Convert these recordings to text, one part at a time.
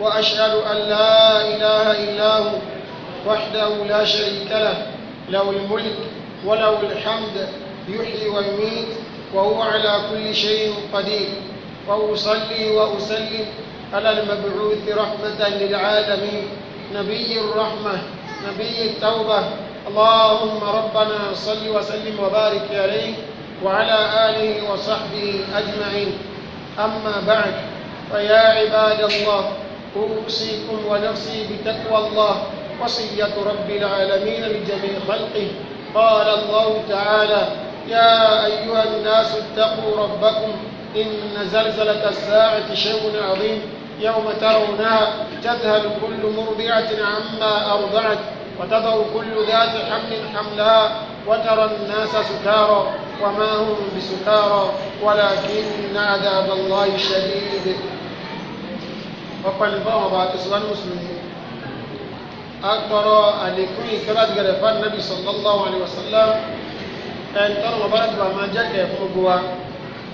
وأشهد أن لا إله إلا هو وحده لا شريك له له الملك وله الحمد يحيي ويميت وهو على كل شيء قدير وأصلي وأسلم على المبعوث رحمة للعالمين نبي الرحمة نبي التوبة اللهم ربنا صل وسلم وبارك عليه وعلى آله وصحبه أجمعين أما بعد فيا عباد الله قل أوصيكم ونفسي بتقوى الله وصية رب العالمين لجميع خلقه قال الله تعالى يا أيها الناس اتقوا ربكم إن زلزلة الساعة شيء عظيم يوم ترونها تذهل كل مرضعة عما أرضعت وتضع كل ذات حمل حملها وترى الناس سكارى وما هم بسكارى ولكن عذاب الله شديد ọpẹlú báwọn ọba àti sọlá ní mùsùlùmí akpọrọ àlékún ìkẹlẹ gẹrẹ fún anabi sallallahu alaihi wasallam ẹnitọ́nù ọba àti bàmá jẹ́ kẹ̀ fún gbogbo wa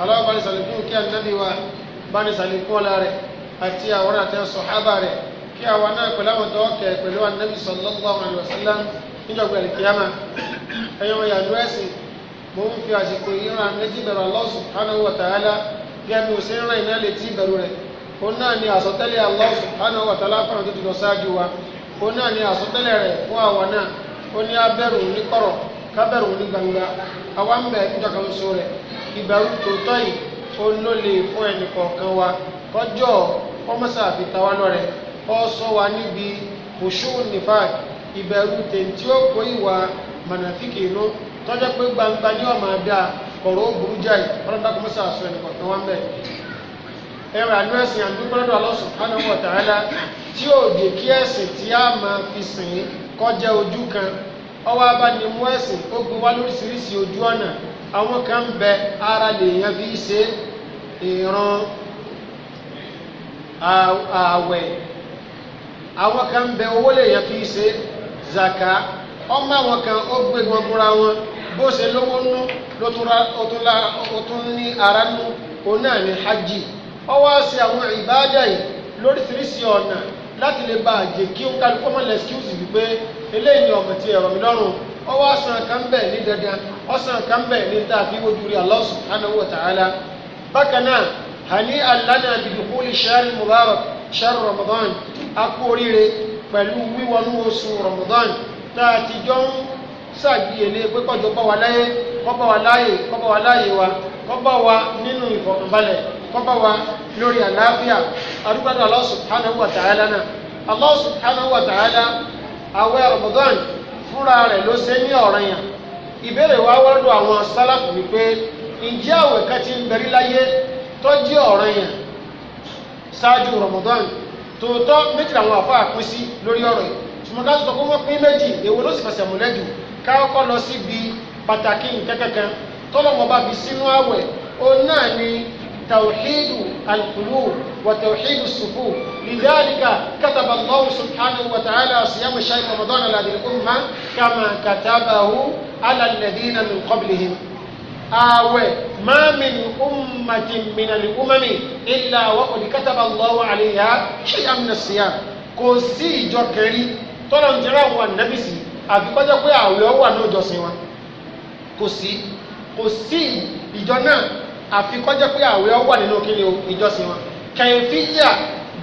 aláwọ̀ bá ní sàlékún kí anabi wa bá ní sàlékún ọ̀la rẹ̀ àti àwọn àti sọ̀hábà rẹ̀ kí àwa náà pẹ̀lú àwọn tó kẹ̀ pẹ̀lú anabi sallallahu alaihi wasallam níjọba ìkíyàmà ẹ̀yọ́mọ̀ yàrá ẹ̀sìn mo ń fi àsìkò ìran méjì bẹ̀rù Allah subhanahu òun náà ni àsọtẹ́lẹ̀ Allah subhanahu wa ta'ala fún àwọn tó ti lọ ṣáájú wa òun náà ni àsọtẹ́lẹ̀ rẹ̀ fún àwọn náà ó ní abẹ́rù ní kọ̀rọ̀ kábẹ́rù ní gbangba àwa ń bẹ̀ ìjọ kan so rẹ̀ ìbẹ̀rù tó tọ́ yìí ó ló lè fún ẹnì kọ̀ọ̀kan wa kọjọ́ ọmọọṣà àfitàwa lọ́rẹ̀ ọ sọ wa níbi òṣù nífàk ìbẹ̀rù tèntí ó kó ìwà mànàfíkì inú tọ́jọ́ pé gbangba ní ọ̀mà dáa kọ̀rọ̀ ó burú ẹwà ní ẹ̀sìn àdúgbòdò Allah subhanahu wa ta'ala tí ó dé kí ẹ̀sìn tí a máa fi sìn kọjá ojú kan ọwọ́ abánimú ẹ̀sìn ó gbé wá lóríṣiríṣi ojú àwọn kan bẹ ara lèèyàn fi ṣe ìran ààwẹ̀ àwọn kan bẹ owó lèèyàn fi ṣe zaka ọmọ àwọn kan ó gbé gbọgbúra wọn bó ṣe lówó nú ló tún ní ara nú òun náà ní hajj. ọ wá ṣe àwọn ìbáàdà yìí lóríṣiríṣi ọ̀nà láti lè bá àjè kí ó kálukú mọ̀ lẹ́skíwùsì wípé eléyìí ni ọ̀gbìn ti ẹ̀rọ mi lọ́rùn ọ wá san kan bẹ́ẹ̀ ní dandan ọ san kan bẹ́ẹ̀ ní tá a fi wojú rí Allah subhanahu wa ta'ala bákan náà hàní alánà bìdìkúlì ṣáàlì mubarak ṣáàlì ramadan a kú oríire pẹ̀lú wíwọnú oṣù ramadan tá a ti jọ ń ṣàgbéyẹlé pé kọjọ bá wa láyé kọ́ bá wa láyé kọ́ bá wa láyé wa kọ́ bá wa nínú ìfọ̀kànbalẹ̀ kọ́bá wa lórí àlàáfíà arúgbádùn Allah subhanahu wa ta'ala náà Allah subhanahu wa ta'ala àwẹ̀ Ramadan fúnra rẹ̀ ló ṣe ní ọ̀ràn yàn ìbéèrè wa wọ́dọ̀ àwọn sálàfù wípé ǹjẹ́ àwẹ̀ ti ń bẹ̀rí láyé tó ọ̀ràn yàn ṣáájú Ramadan tòótọ́ méjì làwọn àfọ àpínsí lórí ọ̀rọ̀ yìí ṣùgbọ́n ká sọ pé wọ́n pín méjì èwo ló sì fẹsẹ̀ múlẹ̀ ká lọ pàtàkì nǹkan kankan tọ́lọ́mọba توحيد القلوب وتوحيد الصفوف لذلك كتب الله سبحانه وتعالى صيام شهر رمضان على هذه الأمة كما كتبه على الذين من قبلهم أو ما من أمة من الأمم إلا وقد كتب الله عليها شيئا من الصيام kò sí ìjọ kẹrin tọ́lọ̀ ń jẹ́rọ àwọn ànábì sí àti kọjá pé ìjọ náà àfi kọjá pé àwẹ̀ ọ wà nínú kíni o ìjọsìn wọn kẹ̀ǹfíyà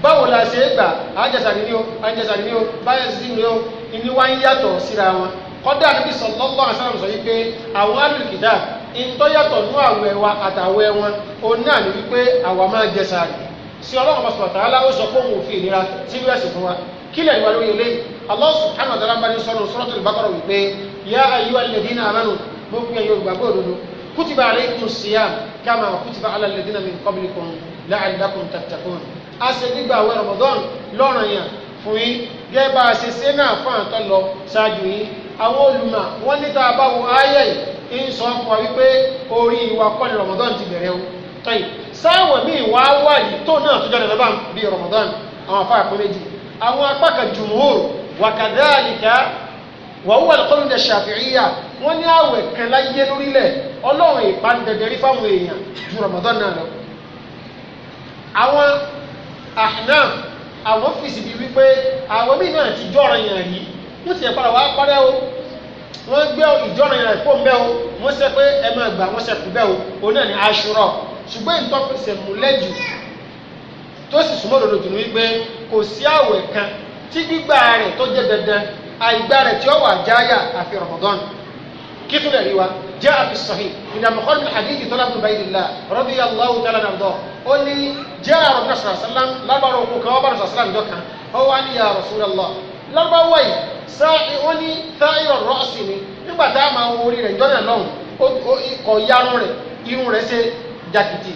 báwo la ṣe é gbà àjẹsàrí ni o àjẹsàrí ni o báyẹsì ni o ìní wá ń yàtọ̀ síra wọn kọ́dà níbi sọ̀lọ́gbọ́n àṣàrùn yìí pé àwọn alùkìdá ìtọ́yàtọ̀ ní àwẹ̀ wa àtàwẹ̀ wọn o náà ní wípé àwa máa jẹsàrí sí ọlọ́run bá sọ̀tà alá ó sọ pé òun ò ìnira sí bí ẹ̀sìn fún wa kí lẹ̀ wà lóye lé Allah subhanahu wa ta'ala bá ní sọ́nù suratul Baqara wípé yá ayyuhal ladina amanu mo fi ẹ̀yọ́ ìgbàgbọ́ òdodo kutiba aleikum siyam kama kutiba ala alladhina min qablikum la'allakum tattaqun a ṣe gbígbà àwẹ̀ ramadan lọ́rọ̀ yẹn fún yín gẹ́gẹ́ bá a ṣe ṣe náà fún àtọ́ lọ ṣáájú yín àwọn olùmọ̀ wọ́n ní tá a bá wo ayé yìí ń sọ fún wa wípé orí ìwà kọ́ni ramadan ti bẹ̀rẹ̀ o tọ́yì sáwọn míì wá wà yìí tó náà tó jáde lọ́bàá bíi ramadan àwọn afá méjì àwọn apá kan jùmọ̀ wàkàdáàlìkà wọ́n wọ́n lọ́kọ́ nílẹ̀ ṣàfihìyà wọ́n ní àwẹ̀ kan láyé lórílẹ̀ ọlọ́run ìbánidẹ̀dẹ̀rí fáwọn èèyàn ju Ramadan náà lọ. àwọn àhánà àwọn fìsì bíi wípé àwọn míì náà ti jọ́ra yàn yìí wọ́n ti padà wá parẹ́ o wọ́n gbé ìjọ́ra yàn kó mbẹ́ o wọ́n sẹ pé ẹ máa gbà wọ́n sẹ kú bẹ́ o òun náà ní Àṣúrà ṣùgbọ́n ìtọ́pẹ̀sẹ̀ múlẹ́jù tó sì súnmọ́ òdodo àìgbá rẹ̀ tí ó wà jáyà àfi Ramadan kí tó lè rí wa jẹ́ àfi sahih ìdá mọ̀kọ́lù hadithi tó lábùn bá ìlà radiyallahu ta'ala nàdọ́ ó ní jẹ́ àrùn náà sàlám lábàrò òkú kan ọba sàlám dọ́kan ó wá ní ya Rasulullah lọ́gbàwọ̀ yìí sáì ó ní táyọ̀ rọ́ọ̀sì ni nígbà tá a máa wo orí rẹ̀ jọ́nà lọ́hùn kọ̀ yarun rẹ̀ irun rẹ̀ ṣe jàkìtì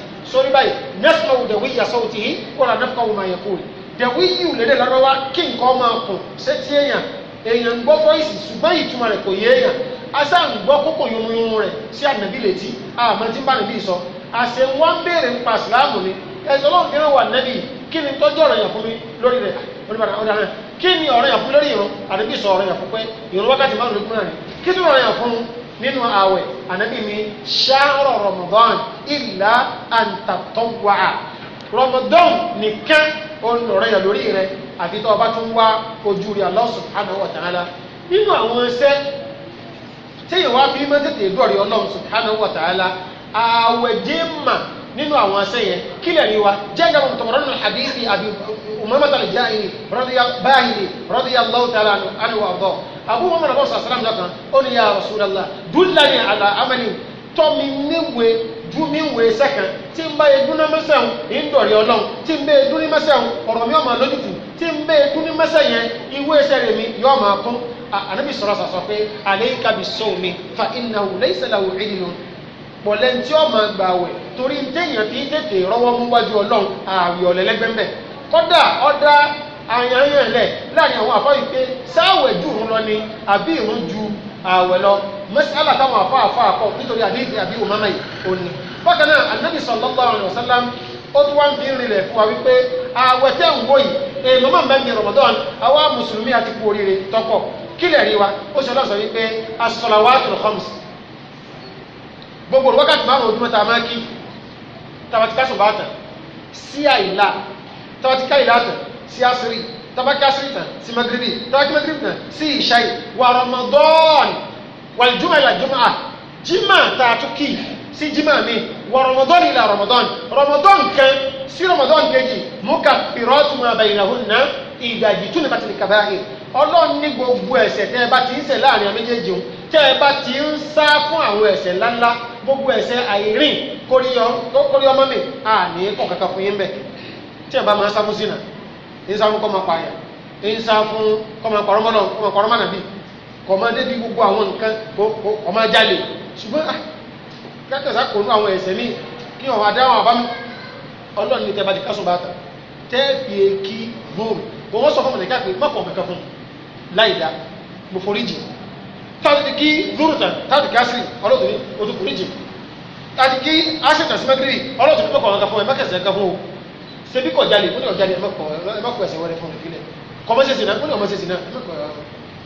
èèyàn gbọ́ fọ́ìsì ṣùgbọ́n ìtumọ̀ rẹ̀ kò yé èèyàn asá ń gbọ́ kókò yunuyunu rẹ̀ sí ànàbí létí àmọ́ tí ń bá nàbí sọ àṣẹ wọn béèrè ń pa sìláàmù ni ẹ̀sọ́ lọ́n fi hàn wà nàbí kí ni tọ́jú ọ̀rọ̀ yàn fún mi lórí rẹ̀ ọ̀dà náà kí ni ọ̀rọ̀ yàn fún lórí ìrun àdàbí sọ ọ̀rọ̀ yàn fún pé ìrun wákàtí márùn lókun náà ni kí tún ọ̀rọ̀ yàn fún nínú ààwẹ̀ ànàbí mi ṣáárọ̀ Ramadan ìlà àǹtàtọ́gbà Ramadan nìkan ọ̀nà yàn lórí rẹ àfi tó o bá tún wá ojú rẹ Allah subhanahu wa ta'ala nínú àwọn iṣẹ́ téèyàn wá fi máa tètè dọ̀rẹ́ ọlọ́run subhanahu wa ta'ala ààwẹ̀ jẹ́ mà nínú àwọn iṣẹ́ yẹn kílẹ̀ ni wa jẹ́ ìjọba tọmọdún nínú hadithi àbí umamata lè báyìí radiyallahu ta'ala anhu wa ọ̀dọ́ dún mi ń wé sẹ́kàn tí ń bá edun ní mẹ́sàn ń dọ̀rẹ́ ọlọ́run tí ń bẹ edun ní mẹ́sàn ọ̀rọ̀ mi ọ̀mà lójútù tí ń bẹ edun ní mẹ́sàn yẹn ìwé iṣẹ́ mi yọ ọ̀mà kún ànábì sọ̀rọ̀ sàṣọ pé alayka bis-sawmi fa innahu laysa lahu idlun pọ̀lẹ́ntì ọ̀mà gbàwẹ̀ torí téèyàn fi tètè rọ́wọ́ mú wájú ọlọ́run ààrẹ ọ̀lẹ́lẹ́gbẹ̀mbẹ̀ kọ́dà ọ̀dà àyànyàn lẹ̀ láàrin àwọn àfọyín pé sáwẹ̀ ju ìrun lọ ni àbí ìrun ju ààwẹ̀ mẹ́sàlá táwọn afá afá akọ nítorí àdéhìí àbí òmàmà yìí ó ní. bákan náà anabi sallallahu alayhi wa sallam ó tún wá ń fi ń rinlẹ̀ fún wa wípé ààwẹ̀ tẹ́ ń wò yìí èèmọ̀ máa ń bẹ́ẹ̀ ní Ramadan àwa mùsùlùmí àti kú oríire tọ́pọ̀ kílẹ̀ rí wa ó ṣe ọlọ́sọ wípé as-salawatul khams gbogbo wákàtí márùn ojúmọ́ tá a wàlìjúmọ̀ ìlà jùmọ̀ jimá tààtúkì sí jimá mi wà rọmọdọ́n ìlà rọmọdọ́n rọmọdọ́n kan sí rọmọdọ́n kejì mú ka pìrọ́tù máa bẹ̀yìn náà hùn náà ìdajì tún ní bá ti lè kàbá yìí ọlọ́run ní gbogbo ẹ̀ṣẹ̀ tẹ́ ẹ bá ti ń ṣẹ̀ láàrin àwọn méjèèjì òun tẹ́ ẹ bá ti ń sá fún àwọn ẹ̀ṣẹ̀ ńláńlá gbogbo ẹ̀ṣẹ̀ àìrìn kórí ọmọ mi àní kọ̀ kankan fún yín bẹ̀ tí ẹ bá máa sá fún sínà kò máa débi gbogbo àwọn nǹkan kò máa jalè ṣùgbọ́n kẹ́kẹ̀sá kò ní àwọn ẹ̀sẹ̀ míì kí wọ́n máa dáhùn àbámu ọlọ́run ní tẹ́bàdì kásùn bá ta tẹ́ẹ̀bì èkì gbòòrò bó wọ́n sọ fún ọmọdé káàkiri mọ́kàn kankan fún láì dá mo forí jì táàtì kí lóòrò tán táàtì kí asiri ọlọ́tún ní o tún forí jì táàtì kí asiri tàn símẹ́kìrì ọlọ́tún ní mọ́kàn kankan fún ẹ mẹ́kẹ̀sẹ̀ kankan fún o ṣebí kọ̀ jalè mo ní ọ̀jalè ẹ mọ́kàn ẹ̀sẹ̀ wẹ́rẹ́ fún ìpínlẹ̀ kọ́mọ́sẹ̀sì náà mo ní ọmọ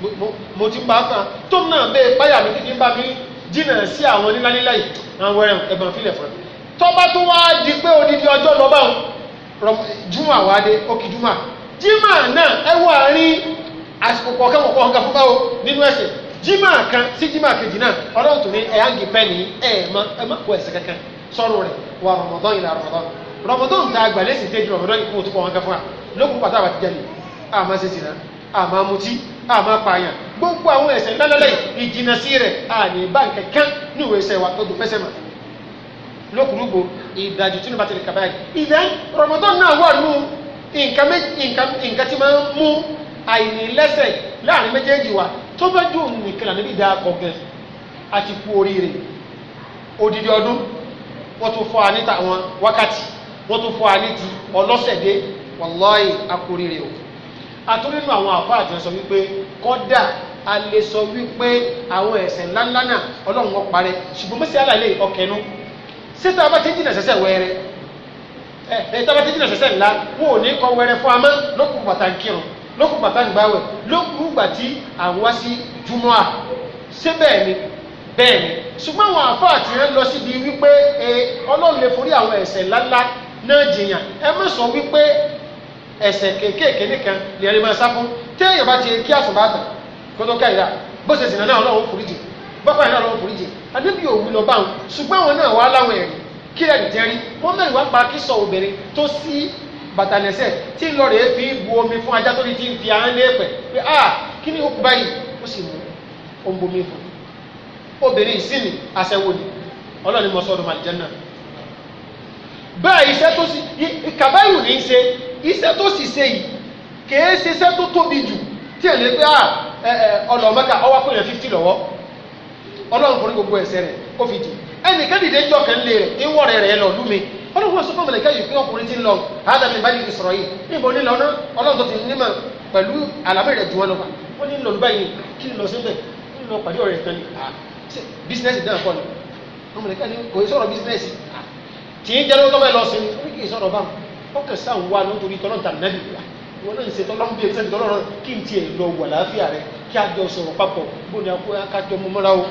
mo ti pa kan tó náà bẹ́ẹ̀ páyà mi títí bá mi jìnnà sí àwọn nílánílá yìí àwọn ẹ̀rọ ẹ̀bọ̀n fílẹ̀ fún mi tọ́ba tó wá di pé odidi ọjọ́ lọ́bà júmọ̀ àwádé ókè júmọ̀ jímà náà ẹ wọ àárín àsìkò kọ̀ọ̀kan kọ̀ọ̀kan nǹkan fúnpá o nínú ẹ̀sìn jímà kan sí jímà kejì náà ọlọ́run tó ní ẹ̀yáǹgì pẹ́ẹ́nì ẹ̀ẹ̀mọ́ ẹ̀mọ́ kó ẹ̀sìn kankan sọ́run rẹ̀ wà rọmọdán ìlà rọmọdán rọmọdán ta àgbà lẹ́sìn tẹ́jú rọmọdán ìkú òtún kọ̀ọ̀kan fún wa lókùn pàtàkì àbàtìjẹ́ ni àmọ́ ṣe sì náà àmọ́ mutí àmọ́ pààyàn gbogbo àwọn ẹ̀ṣẹ̀ lọ́lọ́lẹ̀ ìjìnà sí rẹ̀ àní bá nkẹ̀kẹ́ ní ìwé iṣẹ́ wa gbogbo fẹsẹ̀ mọ̀ lókùrúgbò ìdájú tí ó bá ti lè ìdá Ramadan náà wà nù nǹkan tí máa ń mú àìní lẹ́sẹ̀ láàrin méjèèjì wa tó bá dùn nìkan níbi ìdá kọ̀ọ̀kan àti kú oríire odidi ọdún wọ́n tún fọ́ àníta àwọn wákàtí wọ́n tún àníti o. àtúndínú àwọn àfáà àti sọ wípé kọ́dà a lè sọ wípé àwọn ẹ̀ṣẹ̀ ńláńlá náà ọlọ́run wọn parẹ́ ṣùgbọ́n mọ́sí àlàyé ọkẹ́nu síta bá ti jìnà sẹ́sẹ̀ wẹ́rẹ́ ẹ̀ ẹ̀ tá bá ti jìnà sẹ́sẹ̀ ńlá wọn ò ní kọ́ wẹ́rẹ́ fún amá lókùn pàtàkì rùn lókùn pàtàkì gbáwẹ̀ lókùn gbà tí àwọn wá sí júmọ́à ṣé bẹ́ẹ̀ ni bẹ́ẹ̀ ni ṣùgbọ́n àwọn àfáà àti rẹ̀ lọ síbi wípé ọlọ́run lè forí àwọn ẹ̀ṣẹ̀ ńláńlá náà jìyàn ẹ má sọ wípé ẹsẹ̀ kéékèèké nìkan lè rí máa sá fún téèyàn bá ti kí àsùnbàtà kó tó ká ìyá bó ṣe sìnà náà ọlọ́run foríjì bọ́pá ìyá ọlọ́run foríjì adébí òwú lọ báwọn ṣùgbọ́n àwọn náà wà láwọn ẹ̀rí kí ẹ̀rí jẹ́ rí wọ́n mẹ́rin wá pa kí sọ obìnrin tó sí bàtàlẹ́sẹ̀ tí lọ rèé fi bu omi fún ajá tó ní ti ń fi àán lé pẹ̀ pé a kí ni ó kú báyìí ó sì mú ombomi fún obìnrin ìsinmi aṣẹ́wó ni ọlọ́run mọ̀ sọ́dún màlìjẹ́ náà bẹ́ẹ̀ iṣẹ́ tó sì kàbáyù ní í ṣe iṣẹ́ tó sì ṣe yìí kèé ṣe iṣẹ́ tó tóbi jù tí èlé pé ah, ọ̀nà ọ̀mẹ́ka ọwọ́ pé yẹn fífítì lọ́wọ́ ọlọ́run kò ní gbogbo ẹ̀ṣẹ̀ rẹ̀ ó fi jì ẹnìkan dìde jọ kan lé rẹ̀ ìwọ̀ rẹ̀ rẹ̀ lọ lúmi ọlọ́run sọ fún mẹlẹ́kẹ́ yìí pé ọkùnrin ti ń lọ ádám ní báyìí ìsọ̀rọ̀ yìí níbo ní lọ́nà ọlọ́run tó ti nímọ̀ pẹ̀lú àlàbẹ̀ rẹ̀ jù wọn lọ pa ó ní lọ́nà báyìí kí lọ síbẹ̀ kí lọ pàdé ọ̀rẹ́ kan ní bísínẹ́sì náà kọ́ ni ọmọlẹ́kẹ́ ni kò sọ̀rọ̀ bísínẹ́sì tí ń jẹ́ lọ́tọ́ bẹ́ẹ̀ lọ sí i kì í sọ̀rọ̀ báwọn ọkàn sáà ń wá nítorí tọ́lọ́ tà nẹ́bì wá wọn náà ń ṣe tọ́lọ́ ń bí ẹsẹ̀ tọ́lọ́ kí n tiẹ̀ lọ wà láàfíà rẹ kí a jọ sọ̀rọ̀ papọ̀ bó ni akájọ mọ́ mọ́ra o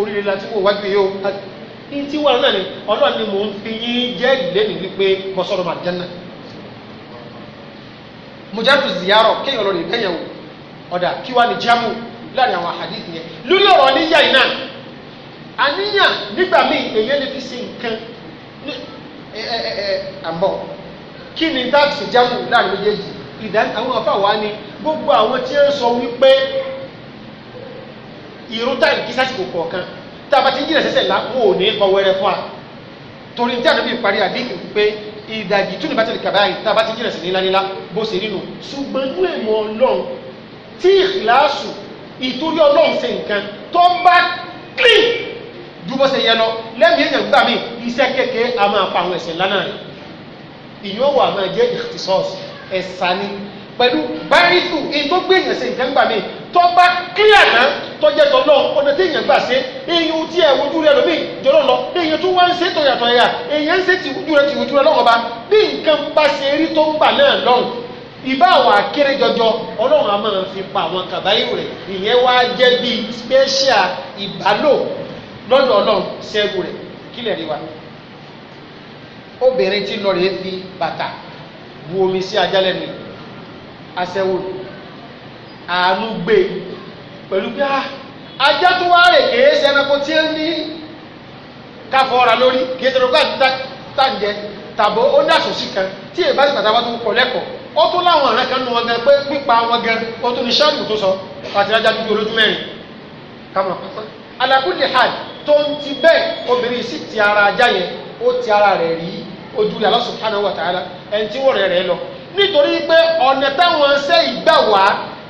oríire la ti wò wá gbé yó ní tí wà náà ni ọlọ́run ni mò ń fi yín jẹ́ ìlérí wípé mo sọ̀rọ̀ mà jẹ́ náà mujadu ziyarọ̀ kéèyàn lọ rè kẹ́yàn wò ọ̀dà kí wàá ní jámù láàrin àwọn hadith yẹn lúlọ̀ ọ̀rọ̀ níyà iná àníyàn nígbà míì èyí lè fi ṣe nǹkan àbọ̀ kí ni táàkì jámù láàrin méjèèjì ìdáni àwọn afáwa ni gbogbo àwọn tí ń sọ wípé ìrún táìmù kí sásìkò kọ̀ọ̀kan tá a bá ti ń jìnà sẹ́sẹ̀ láwọn ò ní kọ wẹrẹ fún wa torí ní tí àdébí parí àdéhùn pé ìdajì tún ní bá tẹ̀lé kàbáyé tá a bá ti jìnà sí nílánílá bó ṣe nínú ṣùgbọ́n inú èmọ̀ ọlọ́run tí ìlàásù ìtorí ọlọ́run ṣe nǹkan tó bá clean dúbọ́ ṣe yẹ lọ lẹ́mìí èèyàn gbà mí iṣẹ́ kékeré a máa pa àwọn ẹ̀ṣẹ̀ ńlá náà rẹ̀ ìyẹn wà máa jẹ́ ìtìsọ́ọ̀sì ẹ̀sà ni pẹ̀lú bárísù èyí tó gbé èèyàn ṣe ìjàngbà mi tó bá kílíà náà tó jẹ́ tọ́lọ́ ọ̀nà tí èèyàn gbà ṣe èèyàn tí ẹ̀ wojú rẹ̀ lómi jọlọ́ lọ èèyàn tó wá ń ṣe tọ̀yàtọ̀ ẹ̀yà èèyàn ń ṣe tìwújú rẹ̀ tìwújú rẹ̀ lọ́wọ́ bá bí nǹkan bá ṣe rí tó ń gbà náà lọ́hùn ìbá àwọn akéré jọjọ ọlọ́run a máa fi pa àwọn kàbáyò rẹ̀ ìyẹn wá jẹ́ bíi special ìbálò lọ́dọ̀ ọlọ́run ṣẹ́gun rẹ̀ kílẹ̀ rí obìnrin tí lọ rèé fi bàtà bu omi sí ajá lẹ́nu aṣẹ́wó àánú gbé e pẹ̀lú pé ah, ajá tó wá rè kìí ṣe ẹranko tí ó ní káfọ́ra lórí kìí ṣe ẹranko tàǹjẹ tàbó ó ní àṣọṣì kan tí èyí bá sì pàtàkì tó kọ lẹ́kọ̀ọ́ ó tún láwọn ọ̀rẹ́ kan nù wọn gan pé pípa wọn gan ó tún ní ṣáàlù tó sọ àti ajá dúdú olójú mẹ́rin kámọ̀ alákùnrin hàn tó ń ti bẹ́ẹ̀ obìnrin sì ti ara ajá yẹn ó ti ara rẹ̀ rí ojú rẹ̀ Allah subhanahu wa ta'ala ẹni tí wọ́n rẹ̀ rẹ̀ lọ nítorí pé ọ̀nà táwọn ṣẹ́ ìgbà wá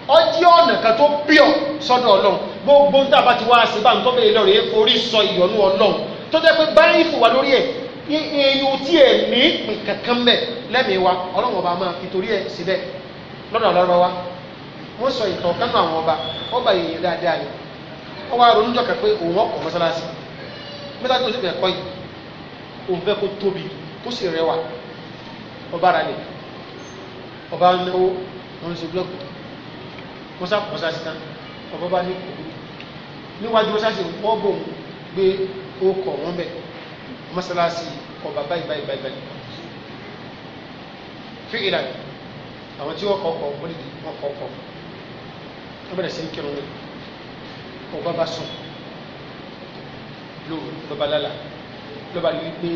ọjí ọ̀nà kan tó pure sọ́dọ̀ ọlọ́run gbogbo níta bá ti wá sí bá ń tọ́ bẹ́ẹ̀ lọ́rẹ̀ẹ́ forí sọ ìyọnu ọlọ́run tó jẹ́ pé báyìí fò wá lórí ẹ̀ èèyàn tí ẹ̀ ní kankan mẹ́ lẹ́mìí wa ọlọ́run ọba máa fi torí ẹ̀ síbẹ̀ lọ́dọ̀ ọlọ́rọ̀ wa wọ́n sọ ìtàn kánú àwọn ọba ọba èèyàn dáadáa ni wọ́n wá ronú jọ̀kẹ́ pé òun ọkọ̀ mọ́sálásí mẹ́ta tó sì bẹ̀ kọ́ yìí òun fẹ́ kó tóbi kó sì rẹwà ọba ara lè ọba náwó wọn ṣe blọọkù mọ́sá mọ́sá sí tán ọba bá ní kò níwájú mọ́sá sí wọ́n bò ń gbé okọ̀ wọn bẹ̀ mọ́sálásí ọba báyìí báyìí báyìí báyìí fi ìlànà àwọn tí wọ́n kọ́ ọkọ̀ wọ́n lè di wọ́n kọ́ ọkọ̀ wọ́n bẹ̀rẹ̀ sí ń kírun ọba bá sùn lóru ọba lálàá lọ́ba ní wípé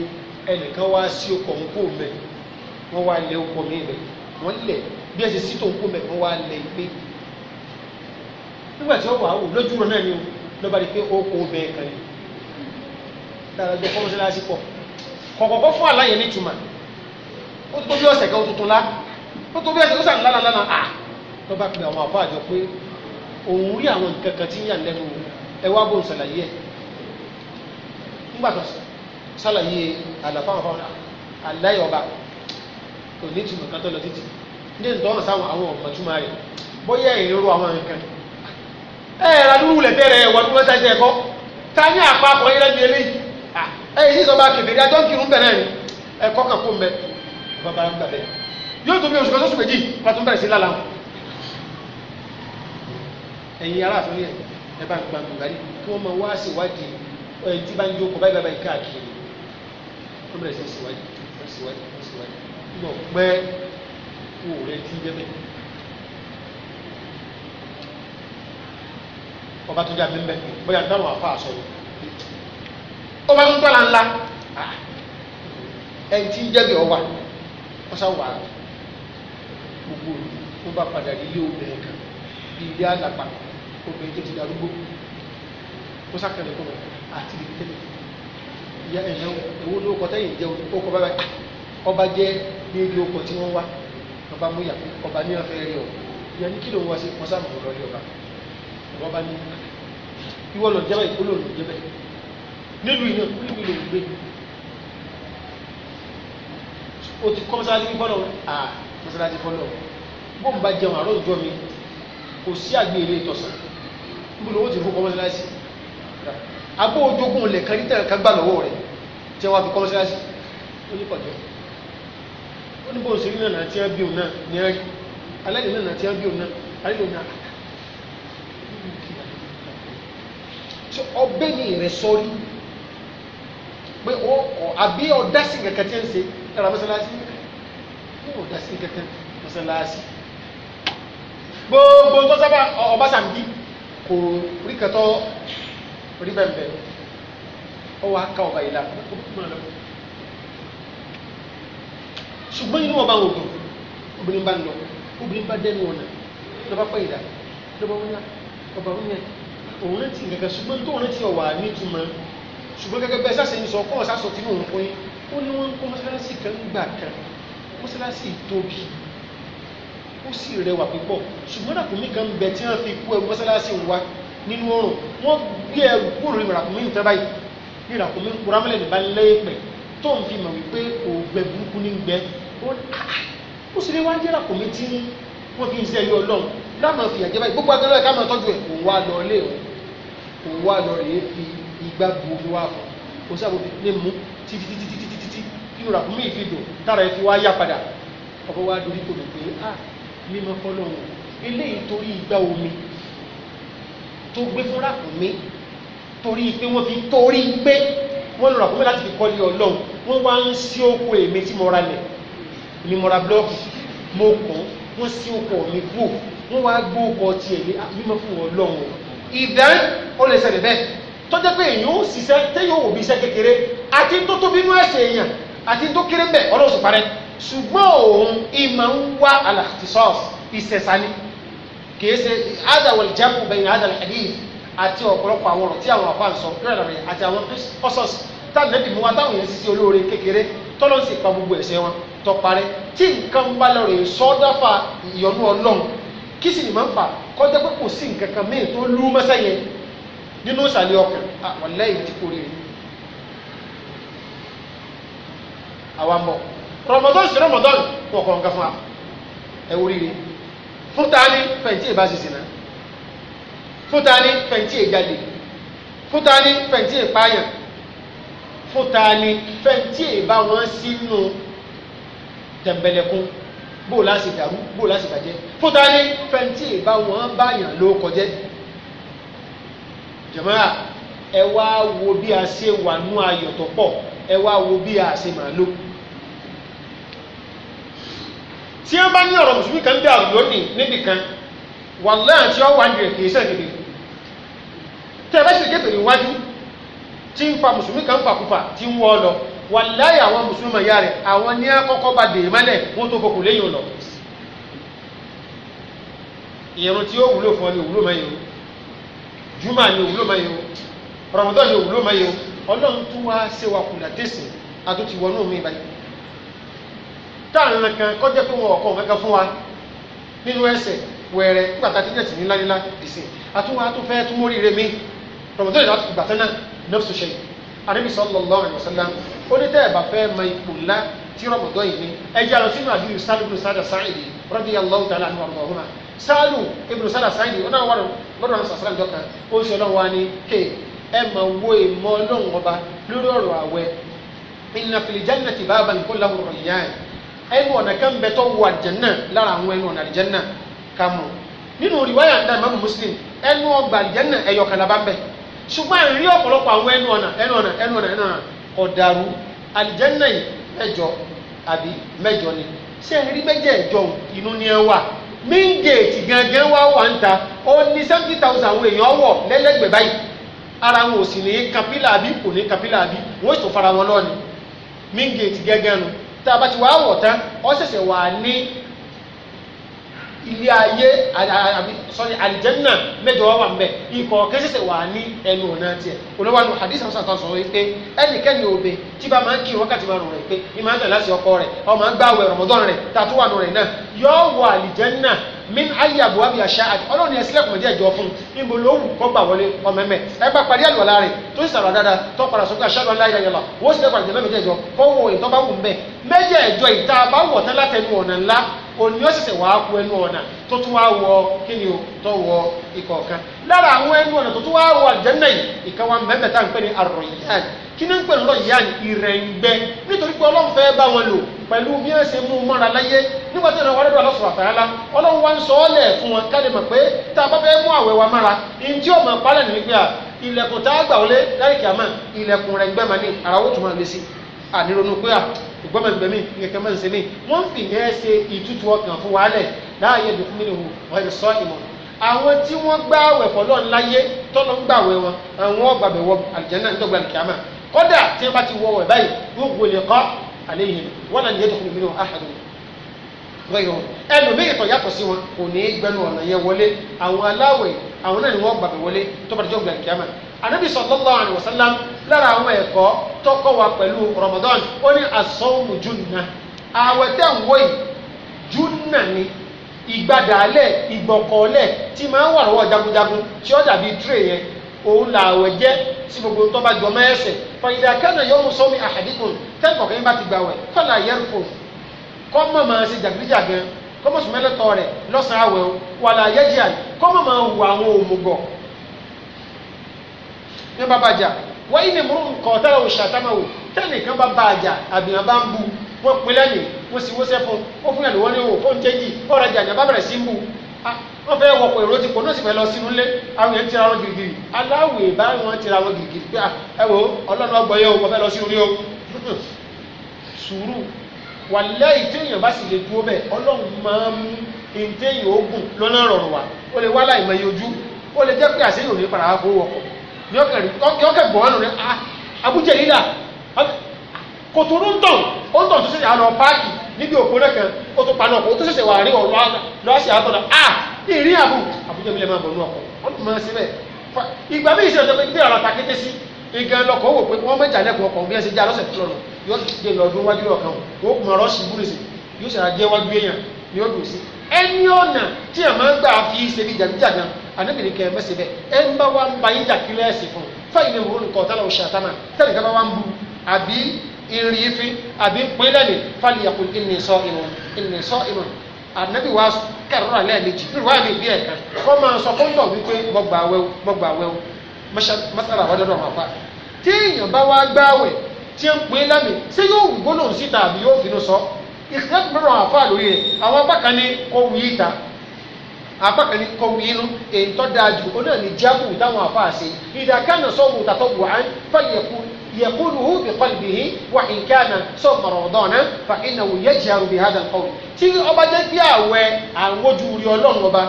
ẹnìkan wá sí ọkọ̀ òun kò mẹ́ wọ́n wá lẹ ọkọ̀ mi rẹ̀ wọ́n lẹ̀ bí ẹ ṣe sí tòun kò mẹ́ wọ́n wá lẹ ìpè nígbà tí wọ́n wà á wò lójú rẹ̀ náà ni lọ́ba ní pé ó kò mẹ́ kan ni dára jọ fọ́nmọ́sí láti pọ̀ kọ̀kọ̀kọ́ fún àlàyé nítumà ó tó bí ọ̀sẹ̀ kan ó tuntun lá ó tó bí ọ̀sẹ̀ ó sàn lánàá lánàá à lọ́ba pe àwọn àbọ̀ àjọ pé òun rí àwọn nǹkan kan tí ń yà lẹ́nu ẹ wá bóun ṣàlàyé ẹ̀ nígbà tó sọ sálàyé àlàfáwọn fáwọn aláyọba kò ní ìtumọ̀ kan tó lọ títì ní ìtọ́nà sáwọn àwọn ọ̀pọ̀túmọ̀ rẹ̀ bóyá ìrírò àwọn nǹkan ẹ̀ẹ̀rà ló wulẹ̀ bẹ̀rẹ̀ ẹ̀wọ̀ tó wọ́n ṣáṣẹ́ ẹ̀kọ́ ta ní àpapọ̀ yẹn lẹ́nu eléyìí ẹ̀yìn sísọ bá kẹfẹ́ dájọ́ ń kírun bẹ̀rẹ̀ ni ẹ̀kọ́ kan kó mẹ́ bàbá ń gbàbẹ̀ yóò tó bí oṣù kan sóṣù méjì pàtó ń bẹ̀rẹ̀ sí lálá ẹ̀yin aráàfin ẹ̀ bá ń gbàgbà rí kí wọ́n máa wá síwádìí ẹ̀ tí bá ń jókòó báyìí báyìí káàkiri wọ́n uh, ah. bẹ̀rẹ̀ ah, sí síwájú wọ́n síwájú wọ́n síwájú lọ pẹ́ wò rẹ tí jẹ́bẹ̀ ọba tó jáde mbẹ́ bóyá dáhùn afọ àsọ̀rọ̀ ọba tó ń tọ́la ńlá ẹ̀ tí jẹ́bẹ̀ ọwà wọ́n sá wà gbogbo tó bá padà ilé obìnrin kan ilé alàpà obìnrin tó ti darúgbó wọ́n sá kẹlẹ̀ kọ́ àti ìdílé tẹ́lẹ̀ ìyá ẹ̀nà owó ló kọ tẹ́yìn jẹ́ okọ bàbá ah! ọba jẹ́ déédé okọ tí wọ́n wá ọba múyà ọba ní ọ̀fẹ́ rí ọ ìyá ní kí ló ń wá sí ọsà lọ rí ọba ọba bá ní ah! ìwọ lọ jẹ́bẹ̀ ìkóló lọ jẹ́bẹ̀ nílùú iná nílùú lòún gbé o ti kọ́ mọ́sálásí fọ́lọ́ à ah! mọ́sálásí fọ́lọ́ bóun bá jẹun àrọ́ ìjọ mi kò sí àgbèrè ìtọ̀sán níbo lówó ti fún kọ́ mọ́sálásí abó ojogun lè kan nítẹ̀ kan gbà lọ́wọ́ rẹ̀ tí wọ́n fi kọ́ mọ́sálásí ó ní pọ̀jọ́ ó ní bóun sírí náà tí wọ́n bí òun náà ní ẹ̀rí alẹ́lẹ́ náà tí wọ́n bí òun náà alẹ́lẹ́ òun náà ọbẹ̀ ni rẹ̀ sọ́rí pé ó àbí ọ̀dásí kankan tí ń ṣe lára mọ́sálásí ó ọ̀dásí kankan mọ́sálásí gbogbo tó sábà ọbaṣà ń bí kò rí kẹtọ́ orí bẹ́ẹ̀ bẹ́ẹ̀ ọ wá ká ọba ìlà ṣùgbọ́n inú ọba ogun obìnrin bá ń lọ obìnrin bá dẹ́nu ọ̀nà lọ́ba pẹ́ ìdá lọ́ba wúnyá ọba wúnyá òun rántí gẹ́gẹ́ ṣùgbọ́n tó rántí ọ̀wà nítumọ̀ ṣùgbọ́n gẹ́gẹ́ bẹ́ẹ̀ sáṣẹ ń sọ kọ́ ọ̀sá sọ tí mò ń pín ó ní wọ́n ń kó mọ́sálásí kan gbà kan mọ́sálásí tóbi ó sì rẹwà púpọ̀ ṣùgbọ́n àkùnmí kan bẹ tí fi kú ẹrú mọ́sálásí ń nínú oòrùn wọ́n gbé ẹrù kúrò lórí ìràkùnmí ìtẹ́ báyìí ní ìràkùnmí kúrámẹ́lẹ̀ nígbà lẹ́ẹ̀pẹ̀ tó ń fi mọ̀ wípé òògbẹ burúkú ní gbẹ ó ah, ah. sì lè wá jẹ́ ìràkùnmí tí wọ́n fi ń ṣe ẹyọ ọlọ́run láàmú fìyà jẹ́ báyìí gbogbo agbẹ́rẹ́ káàmù tọ́jú ẹ̀ kò wá lọ lé o kò wá lọ rèé fi igbá gbogbo wá fún kò sábò lè mú títítítítítítí kí ìràkùnmí ìfidò tára ẹ fi wá yá padà ọkọ̀ wá dorí kò lè pé ah mímọ́ fọ́lọ́run eléyìí torí igbá omi tó gbé fún ràkúnmí torí pé wọ́n fi torí pé wọ́n lọ ràkúnmí láti fi kọ́lé ọlọ́run wọ́n wá ń sí oko èmi tí mo ra lẹ̀ ni mo ra blọ́ọ̀kì mo kàn wọ́n sí oko mi kú wọ́n wá gbó oko tiẹ̀ ní mímọ́ fún ọlọ́run ìdá ó lè ṣẹlẹ̀ bẹ́ẹ̀ tọ́jẹ́ pé èyàn ó ṣiṣẹ́ téyàn ò bí iṣẹ́ kékeré àti tó tóbi inú ẹ̀sẹ̀ èèyàn àti tó kéré bẹ́ẹ̀ ọlọ́run sì parẹ́ ṣùgbọ́n òun ìmọ̀ ń wá àlàtìsọ́ọ̀sì ìṣẹ̀ṣà ni kìí ṣe adawal jabu bẹ̀yìn adal hadith àti ọ̀pọ̀lọpọ̀ àwọn ọ̀rọ̀ tí àwọn àfa ń sọ lọ́rẹ̀ àti àwọn ọ̀sọ̀s tàbí mu àtàwọn yẹn sisi olóore kékeré tọ́lọ́ sì pa gbogbo ẹ̀ṣẹ̀ wọn tọ́ parẹ́ tí nǹkan bá lọ́rẹ̀ sọ́dáfà ìyọnú ọlọ́run kí sì ni máa ń fà kọjá pé kò sí nǹkan kan mìíràn tó lú mọ́sá yẹn nínú ìsàlẹ̀ ọkàn àwọn lẹ́yìn tí kò rí rí àwọn mọ̀ rọmọdọ́n sí rọmọdọ́n wọ̀ kọ̀ọ̀kan fún wa ẹ̀ wọ́n rí rí fún ta ní fẹ̀ǹtì ìbá ṣe sìnà fún ta ní fẹ̀ǹtì ìjalè fún ta ní fẹ̀ǹtì ìpáyàn fún ta ní fẹ̀ǹtì ìbá wọn sínú tẹ̀m̀bẹ̀lẹ̀kún bó láti dàrú bó láti bàjẹ́ fún ta ní fẹ̀ǹtì ìbá wọn báyàn ló kọjẹ́ jàmáà ẹ wá wo bí a ṣe wà nú ayọ̀ tó pọ̀ ẹ wá wo bí a ṣe màá lò tí wọ́n bá ní ọ̀rọ̀ mùsùlùmí kan bí àrùn lónìí níbì kan wà lẹ́yìn tí wọ́n wá ní èkè iṣẹ́ kébè tẹ́ ẹ bá sì kébè níwájú tí ń fa mùsùlùmí kan fàkúfà tí ń wọ́ lọ wà láyé àwọn mùsùlùmí ọ̀yá rẹ̀ àwọn ní akọ́kọ́ bá dè mọ́lẹ̀ wọ́n tó fokùn lẹ́yìn lọ ìrun tí ó wúlò fún ọ ní òwúlò mẹ́yìn o jùmọ̀ ní òwúlò mẹ́yìn o rọ̀mọdọ́ ní òwúlò mẹ́yìn o ọlọ́run tún wá ṣe wà kùnà àtúntì wọnú mi báyìí táàrin kan kọjá pé wọn ọ̀kan kankan fún wa nínú ẹsẹ̀ wẹ̀rẹ̀ nígbàtà tí jẹ̀sì ní ńláńlá ìsìn àtúwà tó fẹ́ tún mórí rẹ̀ mi rọ̀mọ̀tẹ́lẹ̀ láti ìgbà tán náà nọ́ọ̀sù ṣe ànábì sallallahu alaihi wasallam ó ní tẹ́ẹ̀ bá fẹ́ mọ ipò ńlá tí rọ̀mọ̀tọ́ yìí ní ẹjẹ́ lọ sínú àdúrà sálù ibn sada sáìdì radiyallahu ta'ala anhu àrùbọ̀húnà sálù ibn sada sáìdì ó náà wà lọ́dọ̀ ọ̀nà sàṣàlám jọ kan ẹ máa wo ìmọ̀ ọlọ́run ọba lórí ọ̀rọ̀ àwẹ̀ inna fil jannati baban kullahu rayyan ẹnu ọ̀nà kan bẹ tó wọ àlìjẹ́nà lára àwọn ẹnu ọ̀nà àlìjẹ́nà ká mọ̀ nínú rìwáyà ń dá ìmáàmù Muslim ẹnu ọgbà àlìjẹ́nà ẹ̀yọ̀ kan lábá bẹ̀ ṣùgbọ́n àìrí ọ̀pọ̀lọpọ̀ àwọn ẹnu ọ̀nà ẹnu ọ̀nà ẹnu ọ̀nà ẹnu ọ̀nà ọ̀dàrú àlìjẹ́nà yìí mẹ́jọ àbí mẹ́jọ ni ṣé ẹ rí mẹ́jẹ̀ẹ̀jọ inú ni ẹ wà méjèèjì gangan wá wà ń ta ó ní seventy thousand àwọn èèyàn wọ̀ lẹ́lẹ́gbẹ̀ẹ́ báyìí ara wọn ò sì ní kapila àbí kò ní kapila àbí wọ́n sì tún fara wọn lọ́ọ̀ni méjèèjì gangan nu tá a bá ti wá wọ̀ tán ọ ṣẹ̀ṣẹ̀ wà ní ilé ayé sọ́ni àlìjẹ́nà mẹ́jọ wà ń bẹ̀ ikọ̀ kẹ́sẹ̀sẹ̀ wà ní ẹnu ọ̀nà tiẹ̀ olówàlú hadith àwọn sàtọ̀ sọ̀rọ̀ pé ẹnikẹ́ni òbe tí bá máa ń kí wákàtí máa rùn rẹ̀ pé ìmáà ń tẹ̀lé láti ọkọ rẹ̀ ọmọ ń gbàwẹ̀ rẹ̀ tàtúwànù rẹ̀ náà yọ wọ àlìjẹ́nà min ayé àbúwá bíi àṣà àti ọlọ́run yẹn sílẹ̀kùn díẹ̀ jọ fún un níbo ló wù kọ́ gbà wọlé ọmọọmọ ẹ bá parí àlùwàlá rẹ̀ tó sì sàrọ̀ dáadáa tó padà sókè àṣà lọ́la ayé ayọ̀lá wọ́n sílẹ̀kùn àti ìjọba ìjọ kọ́ wo ìtọ́ bá wù mbẹ́ méjì ẹ̀jọ ìta bá wọ̀ tán látẹnu ọ̀nà ńlá òní ó sì sẹ̀ wàá ku ẹnu ọ̀nà tó tún wá wọ kíni o tó wọ ikọ̀ kan lára àwọn ẹnu ọ̀nà tó tún wá wà jẹ́nà yìí ìkan wa mẹ́fẹ̀ tá à ń pè ní àròyìn kí ni ń pè lọ́rọ̀ yíyá ìrẹ̀ǹgbẹ́ nítorí pé ọlọ́run fẹ́ bá wọn lò pẹ̀lú bí wọ́n ṣe mú mọ́ra láyé nígbà tí ìrànwọ́ lọ́dọ̀ lọ́sọ̀rọ̀ àtàrálá ọlọ́run wá ń sọ ọ́ lẹ̀ fún wọn káde mọ̀ pé tá a bá fẹ́ mú àwẹ̀ wa mọ́ra ní tí ọmọ pálẹ̀ ní gbé à ilẹ̀kùn tá a gbà wọlé láìkí àmọ́ ilẹ̀kùn rẹ̀ gbẹ́mọ̀ ní àràwọ̀ tó máa lé sí ànírònú pé à ìgbọ́mọ̀ ìgbẹ̀mí kẹ̀kẹ́ mọ́ ń àwọn tí wọ́n gbá àwẹ̀ fọlọ́ ńláyé tọ́lọ́ ń gbàwẹ̀ wọn àwọn ọgbàbẹ̀ wọ àlìjẹ́nà ń dọ́gba àlìkíyàmà kódà tí wọ́n bá ti wọ ọ̀wẹ̀ báyìí wọ́n gbòòlè kọ́ àléyìn wọ́n lànà yẹ́dùn fún mi náà àhàdùn gbẹ̀yọ̀ ẹlòmíì tó yàtọ̀ sí wọn kò ní í gbẹnu ọ̀nà yẹn wọlé àwọn aláwẹ̀ àwọn náà ni wọ́n gbàgbé wọlé tó bá ti jọ gbà ìgbàdàálẹ̀ ìgbọ̀kọ̀ọ́lẹ̀ tí máa ń wà lọ́wọ́ jagunjagun tí ó dàbí tire yẹn òun làwẹ̀ jẹ́ sí gbogbo tó bá jọ mọ́ ẹsẹ̀ fàyídà kẹ́nà yọ̀mú sọ́mi àhàdìkùn tẹ́ǹkọ̀ kẹ́yìn bá ti gbà wẹ̀ fọlá yẹ́rùfò kọ́ mọ̀ máa ṣe jàgídíjàgan kọ́ mọ̀ sùnmẹ́lẹ̀ tọ́ rẹ̀ lọ́sàn-án àwẹ̀ o wàlà yẹ́jì àyè kọ́ mọ̀ máa wù àwọn òmùgọ̀ ní bá bàjá wáyé ni mò ń kọ́ tẹ́lẹ̀ òṣàtàmáwò tẹ́lẹ̀ kan bá bàjá àbí wọ́n sì wọ́sẹ̀ fún ó fún ẹ̀lú wọn ní òwò fóun jẹ́jì ọ̀rọ̀ ẹ̀jẹ̀ àjàbá bẹ̀rẹ̀ sí ń bù wọ́n fẹ́ wọ̀pọ̀ èrò ti pọ̀ náà sì fẹ́ lọ sínú ilé àwọn èèyàn tira wọn gìrìgìrì aláwòye bá wọn tira wọn gìrìgìrì pé ẹ wo ọlọ́run ọgbọ̀n yẹ o mo fẹ́ lọ sínú ilé o sùúrù wàlẹ́ ìtẹ̀yìn bá sì lè dúró bẹ́ẹ̀ ọlọ́run máa ń mú ìtẹ̀yìn ogun lọ́nà rọrùn wá ó lè wá láì mọye ojú ó lè jẹ́ pé àṣeyìn ò ní para wá fowó ọkọ̀ yọkẹ̀ gbọ́n nù rẹ̀ abújẹ́ lílà kòtòrú ń tàn ó ń tàn tó ṣẹ̀ṣẹ̀ àlọ́ páàkì níbi òpó lẹ́kàn ó tó paná ọkọ̀ ó tó ṣẹ̀ṣẹ̀ wà rí ọ̀rọ̀ lọ́ọ̀ṣẹ̀ àtọ̀nà à ìrìn àbù àbújá mi lè máa bọ̀ nú ọkọ̀ wọ́n ti máa ṣe bẹ́ẹ̀ ìgbà mí ìṣe ọ̀tọ̀ pé bí ọ̀rọ̀ takété sí ìgbà lọkọ̀ wò pé wọ́n mẹ́jà lẹ́kọ̀ọ́ ọkọ̀ bí ẹ ṣe já lọ́sẹ̀ tó lọ́nà yóò ṣe lọ́dún wájú ọ̀kan ó mọ̀ ọ̀rọ̀ sí búrẹ́sì yóò ṣe àjẹ́ wájú èèyàn ni ó dùn sí ẹni ọ̀nà tí a fi ṣe bí jàdíjàdán anábìrin kẹ mẹ́sẹ̀ bẹ́ẹ̀ ẹ ń bá wa ń ba yín jà kílẹ̀ ẹ̀sìn fún fáyìn ìwúrò nǹkan ọ̀tá lọ́wọ́ ṣàtánà tẹ́lẹ̀ kí wọ́n wá ń bu àbí ìrì ifi àbí pínlẹ̀lẹ̀ fàlìyàkùn ìní sọ ìmọ̀ ìní sọ ìmọ̀ ànábì wa kẹrọrọ alẹ́ méjì nínú wa mi bí ẹ̀ka wọ́n máa sọ fún tọ̀ wípé mọ̀gbà wẹ́wò mọ̀gbà wẹ́wò mọ́sára àwọn ọ̀dọ́dọ̀ wọn pa tí èèyàn bá wá gbáwẹ̀ tí ń pín lẹ́mìí ṣé yóò wù gbóná síta àbí yóò finú sọ ìfúnnàtúndọ̀rọ̀ àfa lórí rẹ̀ àwọn apá kan ní kó wù yí ta apá kan ní kó wù yí nú èyí tó dáa jù ó náà ní jáàmù táwọn àfa àṣe ìdàkánà sọ́wọ́ tàtọ́ wù á fàyẹ̀kú يقوله بقلبه وإن كان صوم رمضان فإنه يجهر بهذا القول tí ọba jẹ́ bí àwẹ̀ àwọn ojú rí ọlọ́run ọba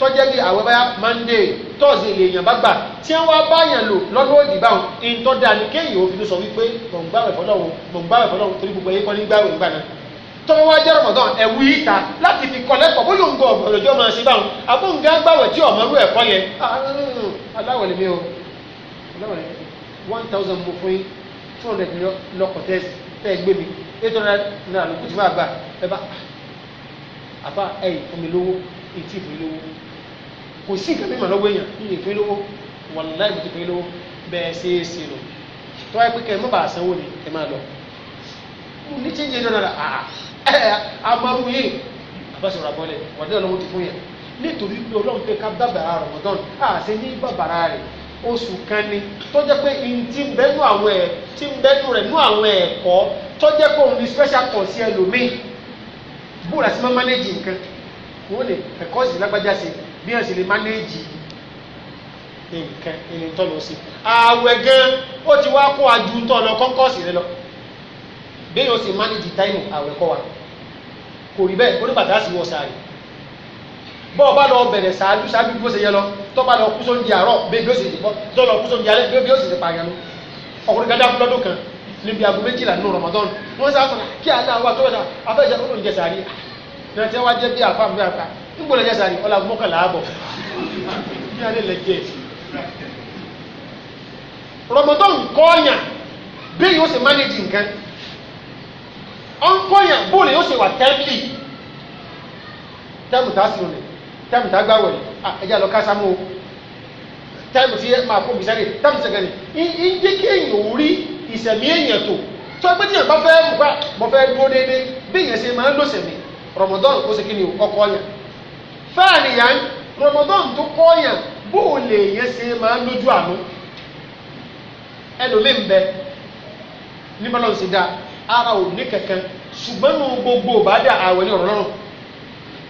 tó jẹ́ bí àwẹ̀ bá monday thursday lèèyàn bá gbà tí wọ́n bá yàn lò lọ́dún òdì báwọn ìtọ́ dáa ní kéèyàn òfin sọ wípé gbọ̀ngbàwẹ̀ fọlọ́run gbọ̀ngbàwẹ̀ fọlọ́run torí gbogbo ẹ̀yẹ́ kọ́ ní gbàwẹ̀ gbà náà tọ́wọ́ wá jẹ́ rọ̀mọ̀dán ẹ̀wù ìta láti fi kọ́ lẹ́kọ̀ọ́ bóyá òǹgọ̀ ọ̀gbọ̀lọ́jọ́ máa ṣe báwọn abóǹgá gbàwẹ̀ tí ọ̀mọ́rú ẹ̀kọ́ yẹn ah, mm, aláwẹ̀ lèmi o aláwẹ̀ lèmi one thousand mo fún yín two hundred lọkọ̀ tẹ́ tẹ́ gbé mi eight hundred naira ló kù tí máa gbà ẹ bá àbá ẹ fún mi lówó ètí ìfún mi lówó kò sí nǹkan mímọ̀ lọ́wọ́ èèyàn ní ìfún mi lówó wàlúùláì mo ti fún mi lówó bẹ́ẹ̀ ṣe é ṣe lọ tó wáyé pé kẹ́ ẹ má bàa sanwó ni ẹ máa lọ ní tí ń yé lọ́nà rà áà amárú yìí àbáṣọ̀rọ̀ àbọ̀lẹ̀ wàdí ọlọ́wọ́ ti fún yẹn nítorí pé ọlọ́run pé ká bàbàrà rọ̀mọ́dọ́n àṣẹ ní bàbàrà rẹ̀ oṣù kan ni tó jẹ́ pé ntí bẹ́nu àwọn ẹ̀ tí bẹ́nu rẹ̀ nú àwọn ẹ̀kọ́ tó jẹ́ pé òun ni special course ẹlòmíì bóòlù àti máa manage nǹkan wọ́n lè ẹ̀kọ́ sì lágbájá sí bí wọ́n sì lè manage nǹkan ẹni tó lọ sí ààwẹ̀ gan ó ti wá kó aju tó lọ kọ́ńkọ́ọ̀sì rẹ lọ bí wọ́n sì manage time ààwẹ̀ kọ́ wa kò rí bẹ́ẹ̀ oníbàtà sì wọ́ sáré bọ́ ọ bá lọ bẹ̀rẹ̀ ṣáájú ṣáájú bí ó ṣe yẹ lọ tó bá lọ kú sóúnjẹ àárọ̀ bí ó sì ti bọ́ tó lọ kú sóúnjẹ alẹ́ bí ó sì ti pààyàn lọ ọkùnrin kan dákú lọ́dún kan níbi aago méjìlá nínú Ramadan wọ́n sá sọ̀rọ̀ kí àná wa tó yẹn afẹ́jẹ́ ó lóun jẹ sàárì náà tí wọ́n jẹ́ bí àfa mi àfa nígbò lè jẹ sàárì ọ̀la mọ́kànlá àbọ̀ bí alẹ́ lè jẹ. Ramadan kọ́ọ̀yàn bí yóò ṣe mánéjì nǹkan ọ̀nkọ́yàn bóòlù yóò ṣe wà tẹ́ẹ̀lì dáàmú tá a sì rìn táìmù tá a gbà wẹ̀ ẹja lọ kásámú o táìmù tí máa kó bisáré táìmù sẹ̀gẹ̀rì ń jẹ́ kí èèyàn ò rí ìsẹ̀mí èèyàn tó tó ẹgbẹ́ tí èèyàn bá fẹ́ mú bá mo fẹ́ dúró déédé bí èèyàn ṣe máa ń lò sẹ̀mí Ramadan kó ṣe kí ni ọkọ yàn fáàlì yàn Ramadan tó kọ́ yàn bó o lè yẹn ṣe máa ń lójú àánú ẹlòmíì ń bẹ ní bọ́lá òsì ara ò ní kankan ṣùgbọ́n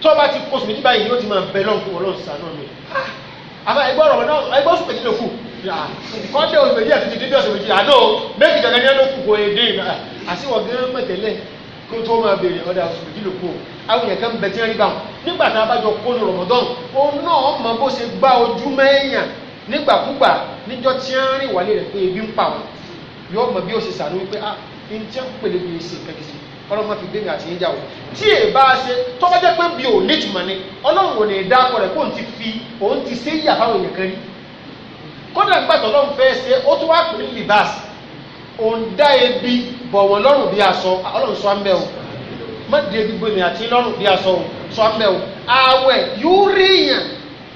tó bá ti kó sùmẹ́jì báyìí yóò ti máa bẹ lọ́nkú ọlọ́run sànú mi ah, àmọ́ ẹgbẹ́ ọ̀rọ̀ náà ẹgbẹ́ sùmẹ́jì ló kù ah, kọ́ńdé òsùmẹ́jì àti dídí òsùmẹ́jì àná méjì jọ̀gá ní ẹnu kùkù èdè àsìwọ̀ gẹ́gẹ́ e ah, mẹ́tẹ́lẹ̀ kó tó máa béèrè ọ̀dà òsùmẹ́jì ló kù àwọn yẹn kan bẹ tí wọ́n rí báwọn nígbà tá a bá jọ kónú rọ̀mọ́dọ́n òun náà mọ bó ṣe gbá ojú mẹ́yàn nígbàkúgbà níjọ́ tí wọ́n rìn wálé rẹ̀ pé ebi ń pa wọn yóò mọ bí ó ṣe sàánú wípé ah ní tí wọ́n pèlè bí ó ṣe kẹ́kẹ́ sí ọlọ́mọ fi gbẹ̀yìn àti ìjà o tí è bá ṣe tọ́wọ́ jẹ́ pé bí ò nítumọ̀ ni ọlọ́run ò ní dá akọ rẹ̀ kó n ti fi òun ti ṣe yíyà fáwọn èèyàn kan rí kódà nígbà tó ọlọ́run fẹ́ ṣe ó tún wá pè ní libas òun dá ebi bọ̀wọ̀ lọ́rùn bí aṣọ ọlọ́run sọ àmbẹ́ o má di ebi gbẹ̀mí àti lọ́rùn bí aṣọ o sọ àmbẹ́ o ààwẹ̀ yóò rí èèyàn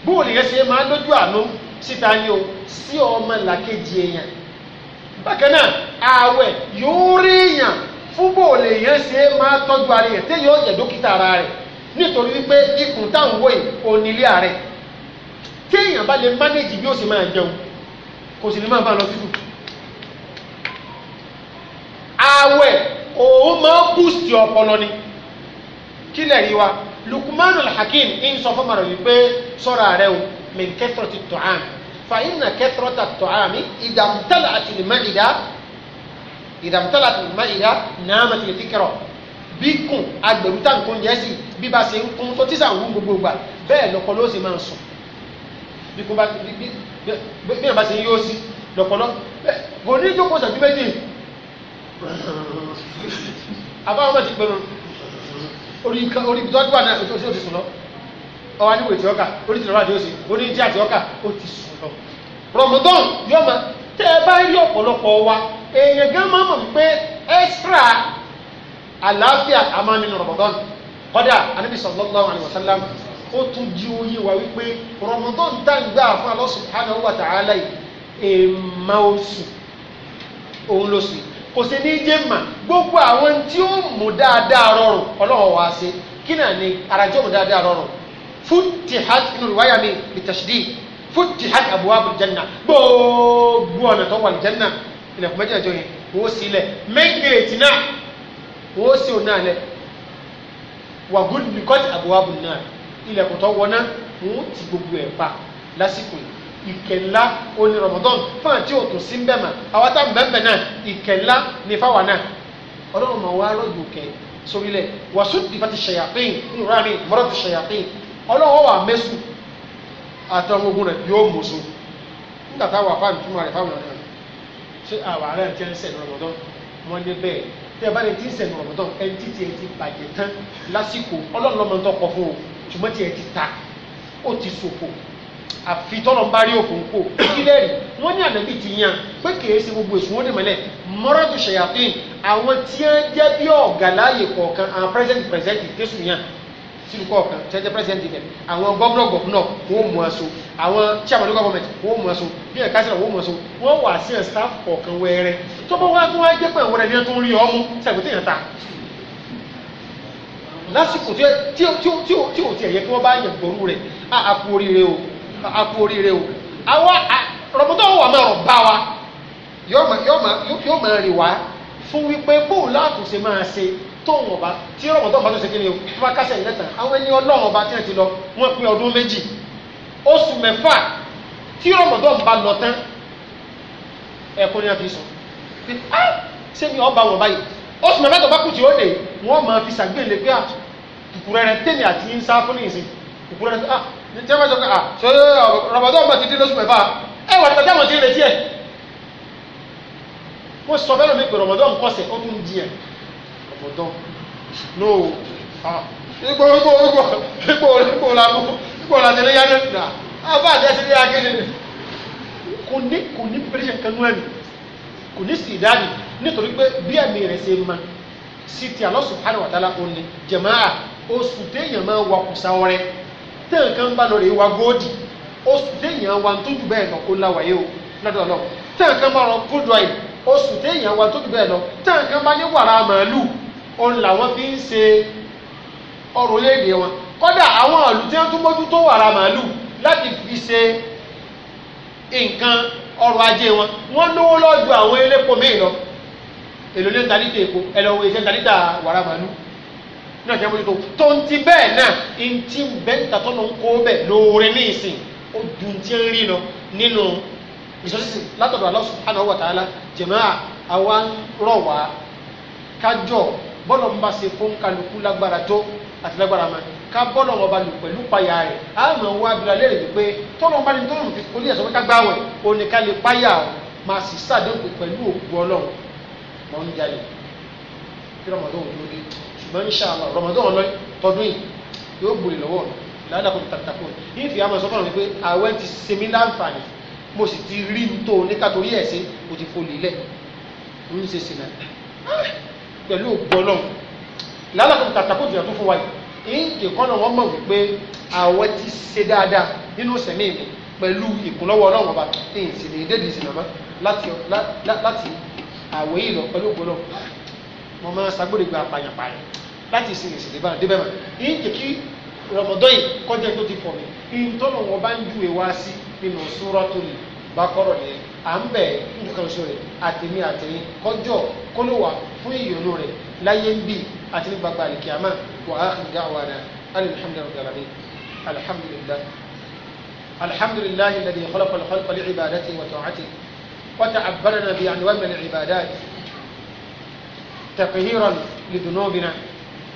bóòlù yẹn ṣe máa lójú àánú síta ni o sí ọmọ làkejì èèyàn bákan náà ààwẹ̀ yóò rí èèyàn fún bò lè yẹn ṣe é máa tọ́jú ara rẹ̀ téèyàn ọ̀jẹ̀ dókítà ara rẹ̀ nítorí wípé ikùn táwọn wòye onílé ààrẹ téèyàn bá lè mánéjì bí ó sì máa jẹun kò sì ní máa bá lọ títù. ààwẹ̀ òun máa búùsì ọpọlọ ni kí lè rí wa Luqman al-Hakim ń sọ fún màrọ̀ wípé sọ́ra rẹ o min kathrati at-ta'am fa inna kathrata at-ta'ami idha imtala'at al-ma'ida ìdàmútàlà tó má ìdá náà mà tìlẹ̀ fíkẹ̀rọ̀ bí kùn agbèrú tá nǹkan jẹ́ sí bí ba ṣe ń kún tó tíṣà ń wú gbogbo gbà bẹ́ẹ̀ lọ́kọ ló sì máa sùn bí kò bá bí bí àbá ṣe yóò sí lọ́pọ̀lọ́ kò ní jókòó ṣàjú méjì àbáwọn máa ti gbẹrun orí orí ibi tó wá náà ó ti sùn lọ ọwọ́ aníwò ètí ọkà orí ti lọ́wọ́ àti ó ọkà ó ti sùn lọ tẹ́ ẹ bá rí ọ̀pọ̀lọpọ̀ wa èèyàn gan máa mọ̀ wípé ẹ́sírà àlàáfíà amánínú Ramadan kọ́dà anábì sallallahu alaihi wasallam ó tún jí oyé wa wípé Ramadan tá ń gbà fún Allah subhanahu wa ta'ala èèmà oṣù òun ló sì kò sí ní jẹ́ mà gbogbo àwọn tí ó mú dáadáa rọrùn ọlọ́run wá sí kí náà ni àràjọ́ mú dáadáa rọrùn fún tìhát ìwáyà mi bi futihat abwaabul janna gbogbo ọ̀nà tó wà ní janna ilẹ̀kùn mẹ́jẹ̀ẹ̀jọ yẹn wọ́n sì lẹ̀ mẹ́gẹ̀ẹ́tì náà wọ́n sì ò náà lẹ̀ wà gúdùkọ́t abwaabun náà ilẹ̀kùn tó wọ́n náà wọ́n ti gbogbo ẹ̀ pa lásìkò yìí ìkẹ̀lá oní rọmọdán fún àti òtún sí bẹ́ẹ̀ mà àwọn tá bẹ́ẹ̀ náà ìkẹ̀lá ní fáwọn náà ọlọ́run máa wá lọ́jọ́ kẹ sórílẹ̀ wàásù ìfàtí ṣẹ̀yàpín nùrọ̀ àmì mọ́rọ̀ ti ṣẹ̀yàpín ọlọ́run wà mẹ́sùn àtọ́wọ́ ogun rẹ̀ yóò mú sun nígbà táwọn àfáàmì túmọ̀ rẹ̀ fáwọn ọ̀rẹ́ rẹ̀ ṣé àwọn ààrẹ ti ń sẹ̀nu rọ̀mọ̀tán wọ́n ní bẹ́ẹ̀ tẹ́ ẹ bá lè ti ń sẹ̀nu rọ̀mọ̀tán ẹ ti tiẹ̀ ti bàjẹ́ tán lásìkò ọlọ́run lọ́mọ tó kọ fún o ṣùgbọ́n tiẹ̀ ti ta ó ti ṣòfò àfi tọ́lọ̀ ń bá rí òfò ńkò kílẹ̀ rí wọ́n ní ànábì ti yan pé kìí ṣe gbogbo èsùn wọn ní mọ́lẹ̀ mọ́rọ́dù ṣèyàtìn àwọn tí wọ́n jẹ́ bí ọ̀gá láàyè kọ̀ọ̀kan àwọn pẹ́sẹ́ntì pẹ́sẹ́ntì tẹ̀sùn yan sílùú kọ̀ọ̀kan tẹ́tẹ́ president ibẹ̀ àwọn governor governor wọ́n mú aṣọ àwọn chairman local government wọ́n mú aṣọ bí ẹ̀ka sílẹ̀ wọ́n mú aṣọ wọ́n wà sí ẹ̀ staff kọ̀ọ̀kan wẹ́ẹ́rẹ́ tó bá wá tó wá jẹ́ pé àwọn ẹ̀mí tó ń rí ọmú sẹ́gbẹ̀tẹ̀ yẹn ta lásìkò tí ò tí ò tiẹ̀ yẹ kí wọ́n bá yẹ gbòòrú rẹ̀ a kú oríire o a kú oríire o àwa rọ̀bọ̀tọ̀ wà máa rọ̀ bá wa yóò máa rè wá fún wípé bóòlù àtúnṣe máa ṣe tóun ọba tí ọmọ tó ń bá tó ṣe kí ni o tó bá kásẹ̀ nílẹ̀ tán àwọn ẹni ọlọ́run ọba tí wọ́n ti lọ wọ́n pín ọdún méjì oṣù mẹ́fà tí ọmọ tó ń bá lọ tán ẹ̀kọ́ ni wọ́n fi sọ ṣé ni ọba wọn báyìí oṣù mẹ́fà tó bá kù tí ó dé wọ́n máa fi ṣàgbéǹde pé kùkùrẹ́rẹ́ tèmi àti yín sá fún nìyí kùkùrẹ́rẹ́ tèmi àti yín sá fún nìyí rọ̀bọ̀dọ́ ọmọ ti dín lóṣù mẹ́fà ẹ wà nípa táwọn ti retí ẹ wọ́n sọ bẹ́ẹ̀ lómi ọ̀pọ̀tọ́ no ipò ipò ipò ipò ipò làbọ̀ ipò làtẹ̀lé yá ní ìdá àbá àtẹ̀sílẹ̀ akéde kò ní kò ní pẹ̀lẹ́ kanú ẹ̀mí kò ní sì dáàbì nítorí pé bí ẹ̀mí rẹ̀ ṣe máa sí ti Allah subhanahu wa ta'ala òní jẹ̀máà oṣù téèyàn máa wà kùsà ọrẹ téèyàn kan bá lọ rè wá góòdì oṣù téèyàn wà ń tójú bẹ́ẹ̀ lọ kó láwàyé o lọ́dọ̀ ọlọ́ téèyàn kan bá lọ kó dọ̀ àyè oṣù téèyàn wa tóbi bẹ́ẹ̀ lọ táwọn kan bá ní wàrà màálù òun làwọn fi ń ṣe ọrọ̀ léde wọn kódà àwọn àlù tí wọ́n tún mójú tó wàrà màálù láti fi ṣe nǹkan ọrọ̀ ajé wọn wọ́n lówó lọ́jọ́ àwọn elépo míì lọ èlò ní talita èpo ẹlọ́wọ́ iṣẹ́ talita wàrà màálù náà ṣe mójútó tó ń ti bẹ́ẹ̀ náà ń ti bẹ́ẹ̀ ń tàtọ́ ló ń kó bẹ́ẹ̀ lóore ní ìsìn ó dùn tí ń rí lọ nínú ìsọsísì látọ̀dọ̀ Allah subhanahu wa ta'ala jẹ̀máà àwa ń rọ̀ wá kájọ bọ́lọ̀ ń bá ṣe fún kálukú lágbára tó àti lágbára ma ká bọ́lọ̀ ọba lù pẹ̀lú payà rẹ̀ á mọ̀ wá abúlé alẹ́ rẹ̀ wípé tọ́lọ́ bá ní tó rùn fífi oníyàsọ pé ká gbá wẹ̀ oníkálẹ̀ payà máa sì sàdéhùn pẹ̀lú òkú ọlọ́run mọ̀ ń jalè kí rọmọdún òun ló dé ṣùgbọ́n inshallah rọmọdún ọ̀nà tọdún yìí yóò gbòòrè lọ́wọ́ làálàkùn tàtàkùn yìí fi àmọ̀ sọ́kànnà wípé àwẹ̀ ti ṣe mí láǹfààní mo sì ti rí n tó oníkàtórí ẹ̀ sí mo ti folì lẹ̀ ń ṣe sìnà ah! pẹ̀lú ògbọ́nà lálàkùn tàtàkù jìnà tó fún wa yìí ìǹkè kọ́nà wọn mọ̀ wípé àwọn ti ṣe dáadáa nínú sẹ̀mí mi pẹ̀lú ìkúnlọ́wọ́ ọlọ́run ọba ẹ̀yìn sì lè dédìí sìnà mọ́ láti àwẹ̀ yìí lọ pẹ̀lú ògbọ́nà mo máa ṣagbódegbà pàyàpàyà láti ìsinmi sì lè bá débẹ̀ mọ́ ìǹkè kí rọmọdọ́ yìí kọjá tó ti fọ̀ mí ìtọ́nà wọn bá ń ju ìwá sí nínú Suratul Baqara yẹn à ń bẹ̀ nǹkan ṣe àtẹ̀mí àtẹ̀yìn kọjọ́ kó ló wà fún ìyọnu rẹ̀ láyé ń bì àti ní gbàgbà àlìkìyàmá wa akhiru da'wana alhamdulillahi rabbil wa ta'atihi wa ta'abbarana bi anwa'i min al-ibadat تطهيرا لذنوبنا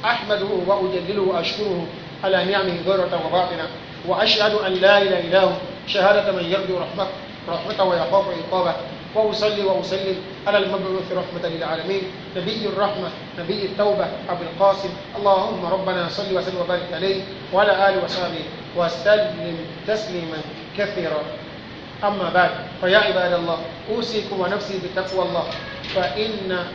أحمده وأجلله وأشكره على نعمه ذرة وباطنة وأشهد أن لا إله إلا هو شهادة من يرجو رحمته رحمته ويخاف عقابه وأصلي وأسلم على المبعوث رحمة للعالمين نبي الرحمة نبي التوبة أبو القاسم اللهم ربنا صل وسلم وبارك عليه وعلى آله وصحبه وسلم تسليما كثيرا أما بعد فيا عباد الله أوصيكم ونفسي بتقوى الله فإن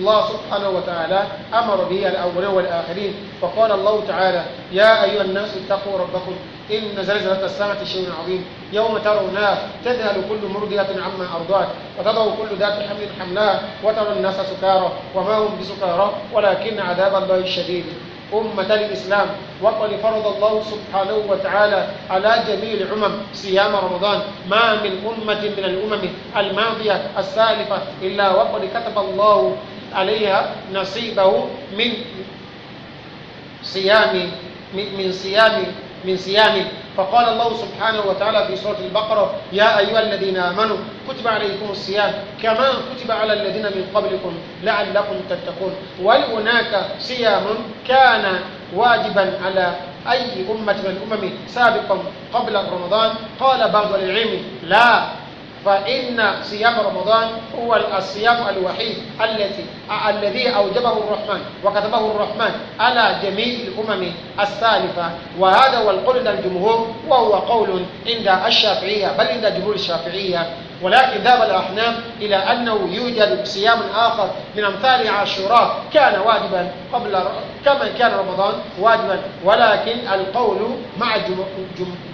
الله سبحانه وتعالى أمر به الأولين والآخرين فقال الله تعالى يا أيها الناس اتقوا ربكم إن زلزلة الساعة شيء عظيم يوم ترونها تذهل كل مرضية عما أرضعت وتضع كل ذات حمل حملها وترى الناس سكارى وما هم بسكارى ولكن عذاب الله الشديد أمة الإسلام وقد فرض الله سبحانه وتعالى على جميع الأمم صيام رمضان ما من أمة من الأمم الماضية السالفة إلا وقد كتب الله عليها نصيبه من صيام من صيام من صيامه فقال الله سبحانه وتعالى في سورة البقرة يا أيها الذين آمنوا كتب عليكم الصيام كما كتب على الذين من قبلكم لعلكم تتقون ولهناك صيام كان واجبا على أي أمة من الأمم سابقا قبل رمضان قال بعض العلم لا فإن صيام رمضان هو الصيام الوحيد التي الذي أوجبه الرحمن وكتبه الرحمن على جميع الأمم السالفة وهذا هو القول الجمهور وهو قول عند الشافعية بل عند جمهور الشافعية ولكن ذهب الأحناف إلى أنه يوجد صيام آخر من أمثال عاشوراء كان واجبا قبل كما كان رمضان واجبا ولكن القول مع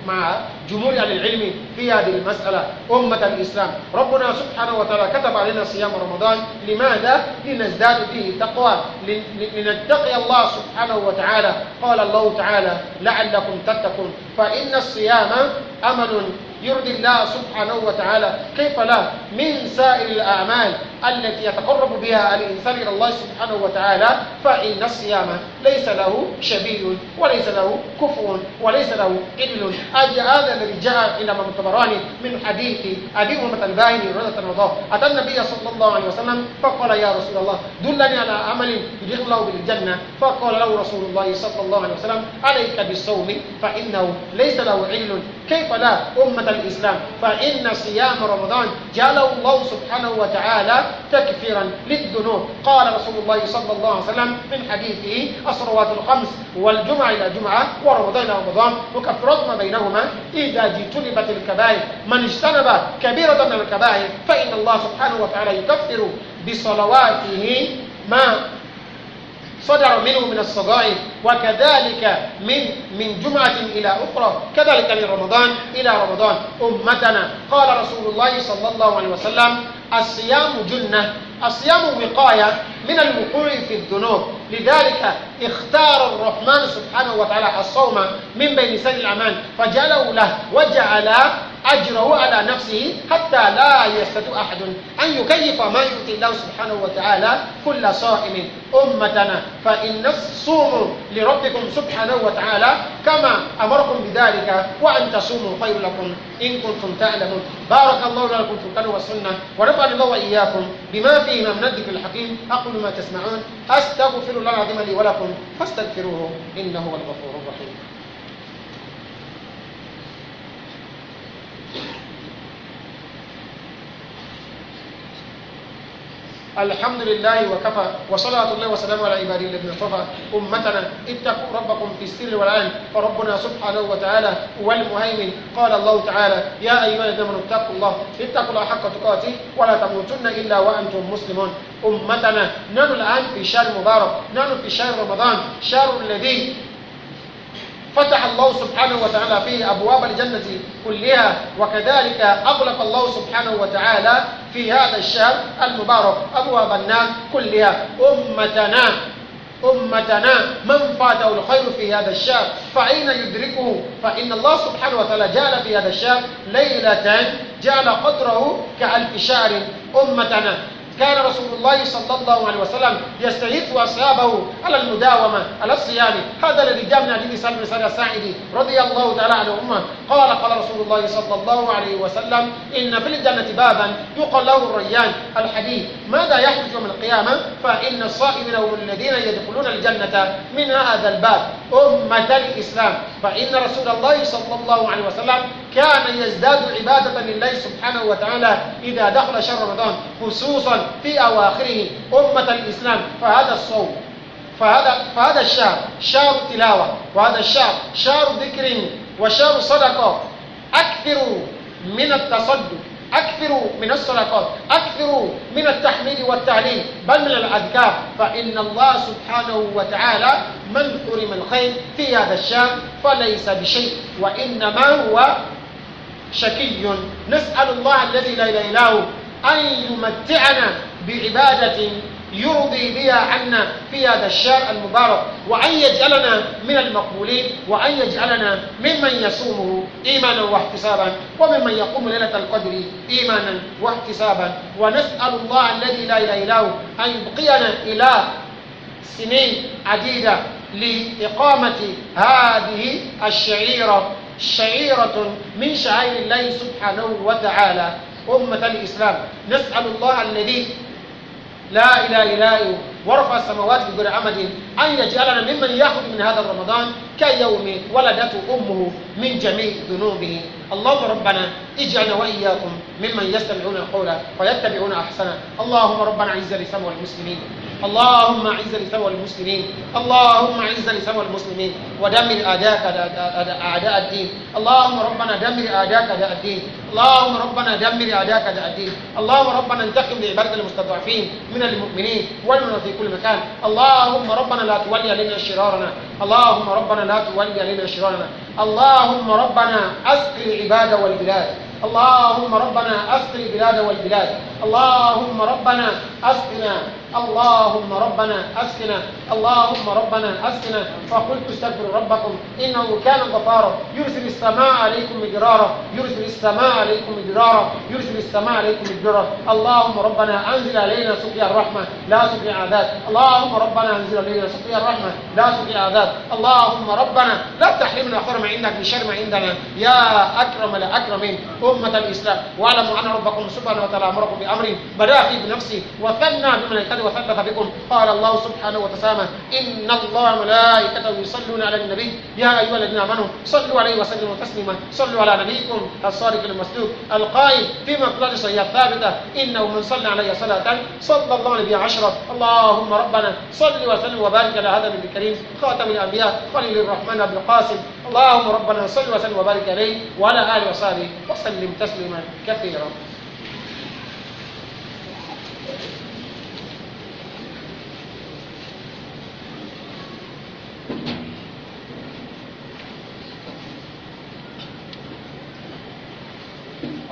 مع جمهور اهل العلم في هذه المسألة أمة الإسلام ربنا سبحانه وتعالى كتب علينا صيام رمضان لماذا؟ لنزداد فيه تقوى لنتقي الله سبحانه وتعالى قال الله تعالى لعلكم تتقون فإن الصيام أمل يرضي الله سبحانه وتعالى كيف لا من سائر الأعمال التي يتقرب بها الإنسان إلى الله سبحانه وتعالى فإن الصيام ليس له شبيه وليس له كفو وليس له ادل أجل هذا الذي جاء إلى امام الطبراني من حديث ابي امه الباهلي رضي الله عنه اتى النبي صلى الله عليه وسلم فقال يا رسول الله دلني على عمل يخلو بالجنه فقال له رسول الله صلى الله عليه وسلم عليك بالصوم فانه ليس له عل كيف لا امه الاسلام فان صيام رمضان جعله الله سبحانه وتعالى تكفيرا للذنوب قال رسول الله صلى الله عليه وسلم من حديثه الصلوات الخمس والجمعه الى جمعه ورمضان الى رمضان وكفرات ما بينهما إذا جتنبت الكبائر من اجتنب كبيرة من الكبائر فإن الله سبحانه وتعالى يكفر بصلواته ما صدر منه من الصغائر وكذلك من من جمعة إلى أخرى كذلك من رمضان إلى رمضان أمتنا قال رسول الله صلى الله عليه وسلم الصيام جنة الصيام وقاية من الوقوع في الذنوب لذلك اختار الرحمن سبحانه وتعالى الصوم من بين سن الأمان فجعله له وجعل أجره على نفسه حتى لا يستطيع أحد أن يكيف ما يؤتي الله سبحانه وتعالى كل صائم أمتنا فإن صوموا لربكم سبحانه وتعالى كما أمركم بذلك وأن تصوموا خير لكم إن كنتم تعلمون بارك الله لكم في القرآن والسنة ونفعني الله وإياكم بما فيه من الذكر الحكيم أقول ما تسمعون أستغفر الله العظيم لي ولكم فاستغفروه إنه هو الغفور الرحيم الحمد لله وكفى وصلاة الله وسلام على عباده الذين اصطفى أمتنا اتقوا ربكم في السر والعلن فربنا سبحانه وتعالى والمهيمن قال الله تعالى يا أيها الذين اتقوا الله اتقوا الله حق تقاته ولا تموتن إلا وأنتم مسلمون أمتنا نحن الآن في شهر مبارك نحن في شهر رمضان شهر الذي فتح الله سبحانه وتعالى فيه أبواب الجنة كلها وكذلك أغلق الله سبحانه وتعالى في هذا الشهر المبارك أبواب النار كلها أمتنا أمتنا من فاته الخير في هذا الشهر فأين يدركه فإن الله سبحانه وتعالى جعل في هذا الشهر ليلة جعل قدره كألف شهر أمتنا كان رسول الله صلى الله عليه وسلم يستحث أصحابه على المداومة على الصيام هذا الذي جاء من حديث سلم سنة الساعدي رضي الله تعالى عنهما قال قال رسول الله صلى الله عليه وسلم إن في الجنة بابا يقال له الريان الحديث ماذا يحدث يوم القيامة فإن الصائمين هم الذين يدخلون الجنة من هذا الباب أمة الإسلام فإن رسول الله صلى الله عليه وسلم كان يزداد عبادة لله سبحانه وتعالى إذا دخل شهر رمضان خصوصا في أواخره أمة الإسلام فهذا الصوم فهذا فهذا الشهر شهر تلاوة وهذا الشهر شهر ذكر وشهر صدقة أكثروا من التصدق أكثروا من الصدقات أكثروا من التحميد والتعليم بل من الأذكار فإن الله سبحانه وتعالى من حرم الخير في هذا الشهر فليس بشيء وإنما هو شكي نسأل الله الذي لا إله إلا هو أن يمتعنا بعبادة يرضي بها عنا في هذا الشهر المبارك وأن يجعلنا من المقبولين وأن يجعلنا ممن يصومه إيمانا واحتسابا وممن يقوم ليلة القدر إيمانا واحتسابا ونسأل الله الذي لا إله إلا هو أن يبقينا إلى سنين عديدة لإقامة هذه الشعيرة شعيرة من شعائر الله سبحانه وتعالى أمة الإسلام نسأل الله الذي لا إله إلا هو ورفع السماوات بغير عمد أن يجعلنا ممن يأخذ من هذا رمضان كيوم ولدته أمه من جميع ذنوبه اللهم ربنا اجعلنا وإياكم ممن يستمعون القول ويتبعون أحسنا اللهم ربنا عز لسمو المسلمين اللهم اعز الإسلام والمسلمين اللهم اعز الإسلام والمسلمين ودمر أعداءك أعداء الدين اللهم ربنا دمر أعداءك أعداء الدين اللهم ربنا دمر أعداءك أعداء الدين اللهم ربنا انتقم لعباد المستضعفين من المؤمنين ولنا في كل مكان اللهم ربنا لا تولي علينا شرارنا اللهم ربنا لا تولي علينا شرارنا اللهم ربنا أسقي العباد والبلاد اللهم ربنا أسقي البلاد والبلاد اللهم ربنا أسقنا اللهم ربنا أسقنا اللهم ربنا أسقنا فقلت استغفروا ربكم إنه كان غفارا يرسل السماء عليكم مدرارا يرسل السماء عليكم مدرارا يرسل السماء عليكم مدرارا اللهم ربنا أنزل علينا سقيا الرحمة لا سقيا عذاب اللهم ربنا أنزل علينا سقيا الرحمة لا سقيا عذاب اللهم ربنا لا تحرمنا حرم عندك من شر ما عندنا يا أكرم الأكرمين أمة الإسلام واعلموا أن ربكم سبحانه وتعالى أمركم بأمر بدأ بنفسي وثنى بملائكته وثبت بكم قال الله سبحانه وتعالى إن الله ملائكته يصلون على النبي يا أيها الذين آمنوا صلوا عليه وسلموا تسليما صلوا على نبيكم الصادق المصدوق القائل في مقلد صحيحة ثابتة إنه من صلى علي صلاة صلى الله عليه عشرة اللهم ربنا صل وسلم وبارك على هذا النبي الكريم خاتم الأنبياء خليل الرحمن بن القاسم اللهم ربنا صل وسلم وبارك عليه وعلى آله وصحبه وسلم تسليما كثيرا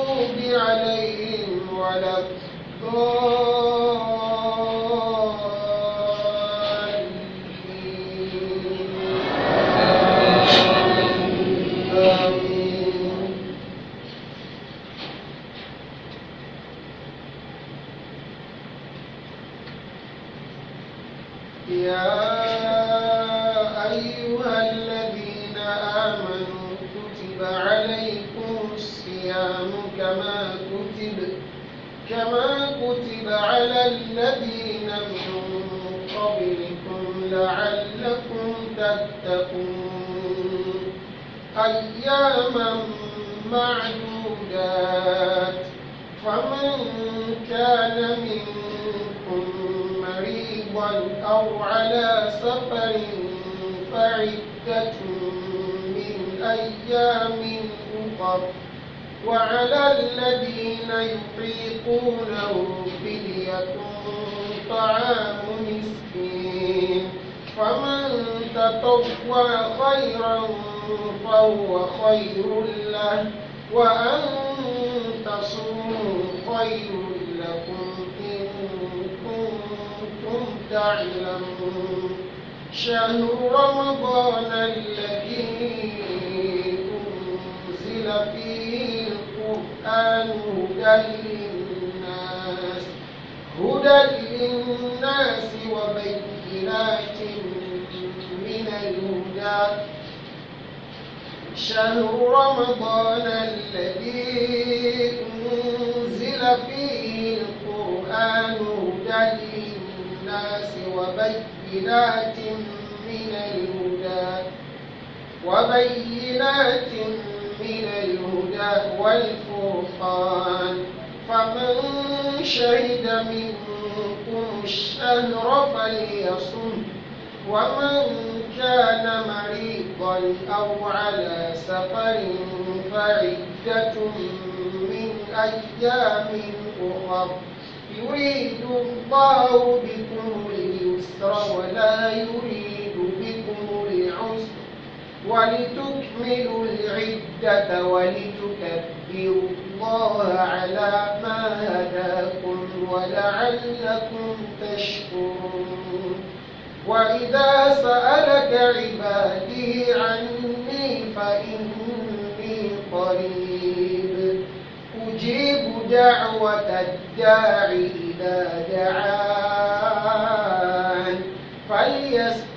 المغضوب عليهم ولا الضالين الذين يطيقونه فدية طعام مسكين فمن تطوع خيرا فهو خير له وأن تصوموا خير لكم إن كنتم تعلمون شهر رمضان الذي أنزل فيه هدى للناس هدى للناس وبينات من الهدى شهر رمضان الذي أنزل فيه القرآن هدى للناس وبينات من الهدى وبينات من من الهدى والفرقان فمن شهد منكم الشهر فليصم ومن كان مريضا أو على سفر فعدة من أيام أخر يريد الله بكم اليسر ولا يريد ولتكملوا العدة ولتكبروا الله على ما هداكم ولعلكم تشكرون وإذا سألك عبادي عني فإني قريب أجيب دعوة الداعي إذا دعان فليستجيب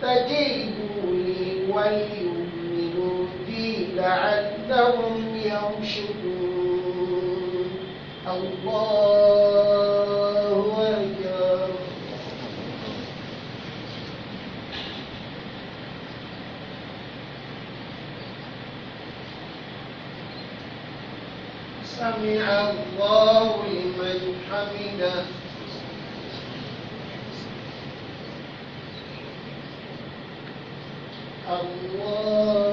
سمع الله لمن حمده الله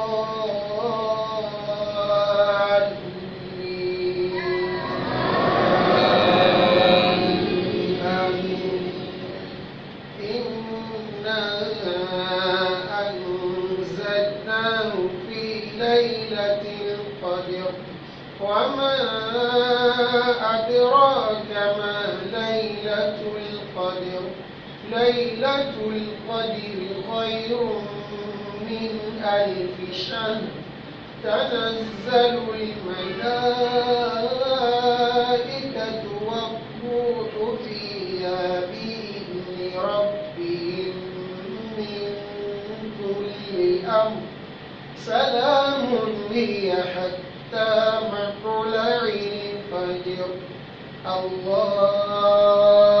القدر خير من ألف شهر تنزل الملائكة والروح فيها بإذن ربهم من كل أمر سلام لي حتى مطلع الفجر الله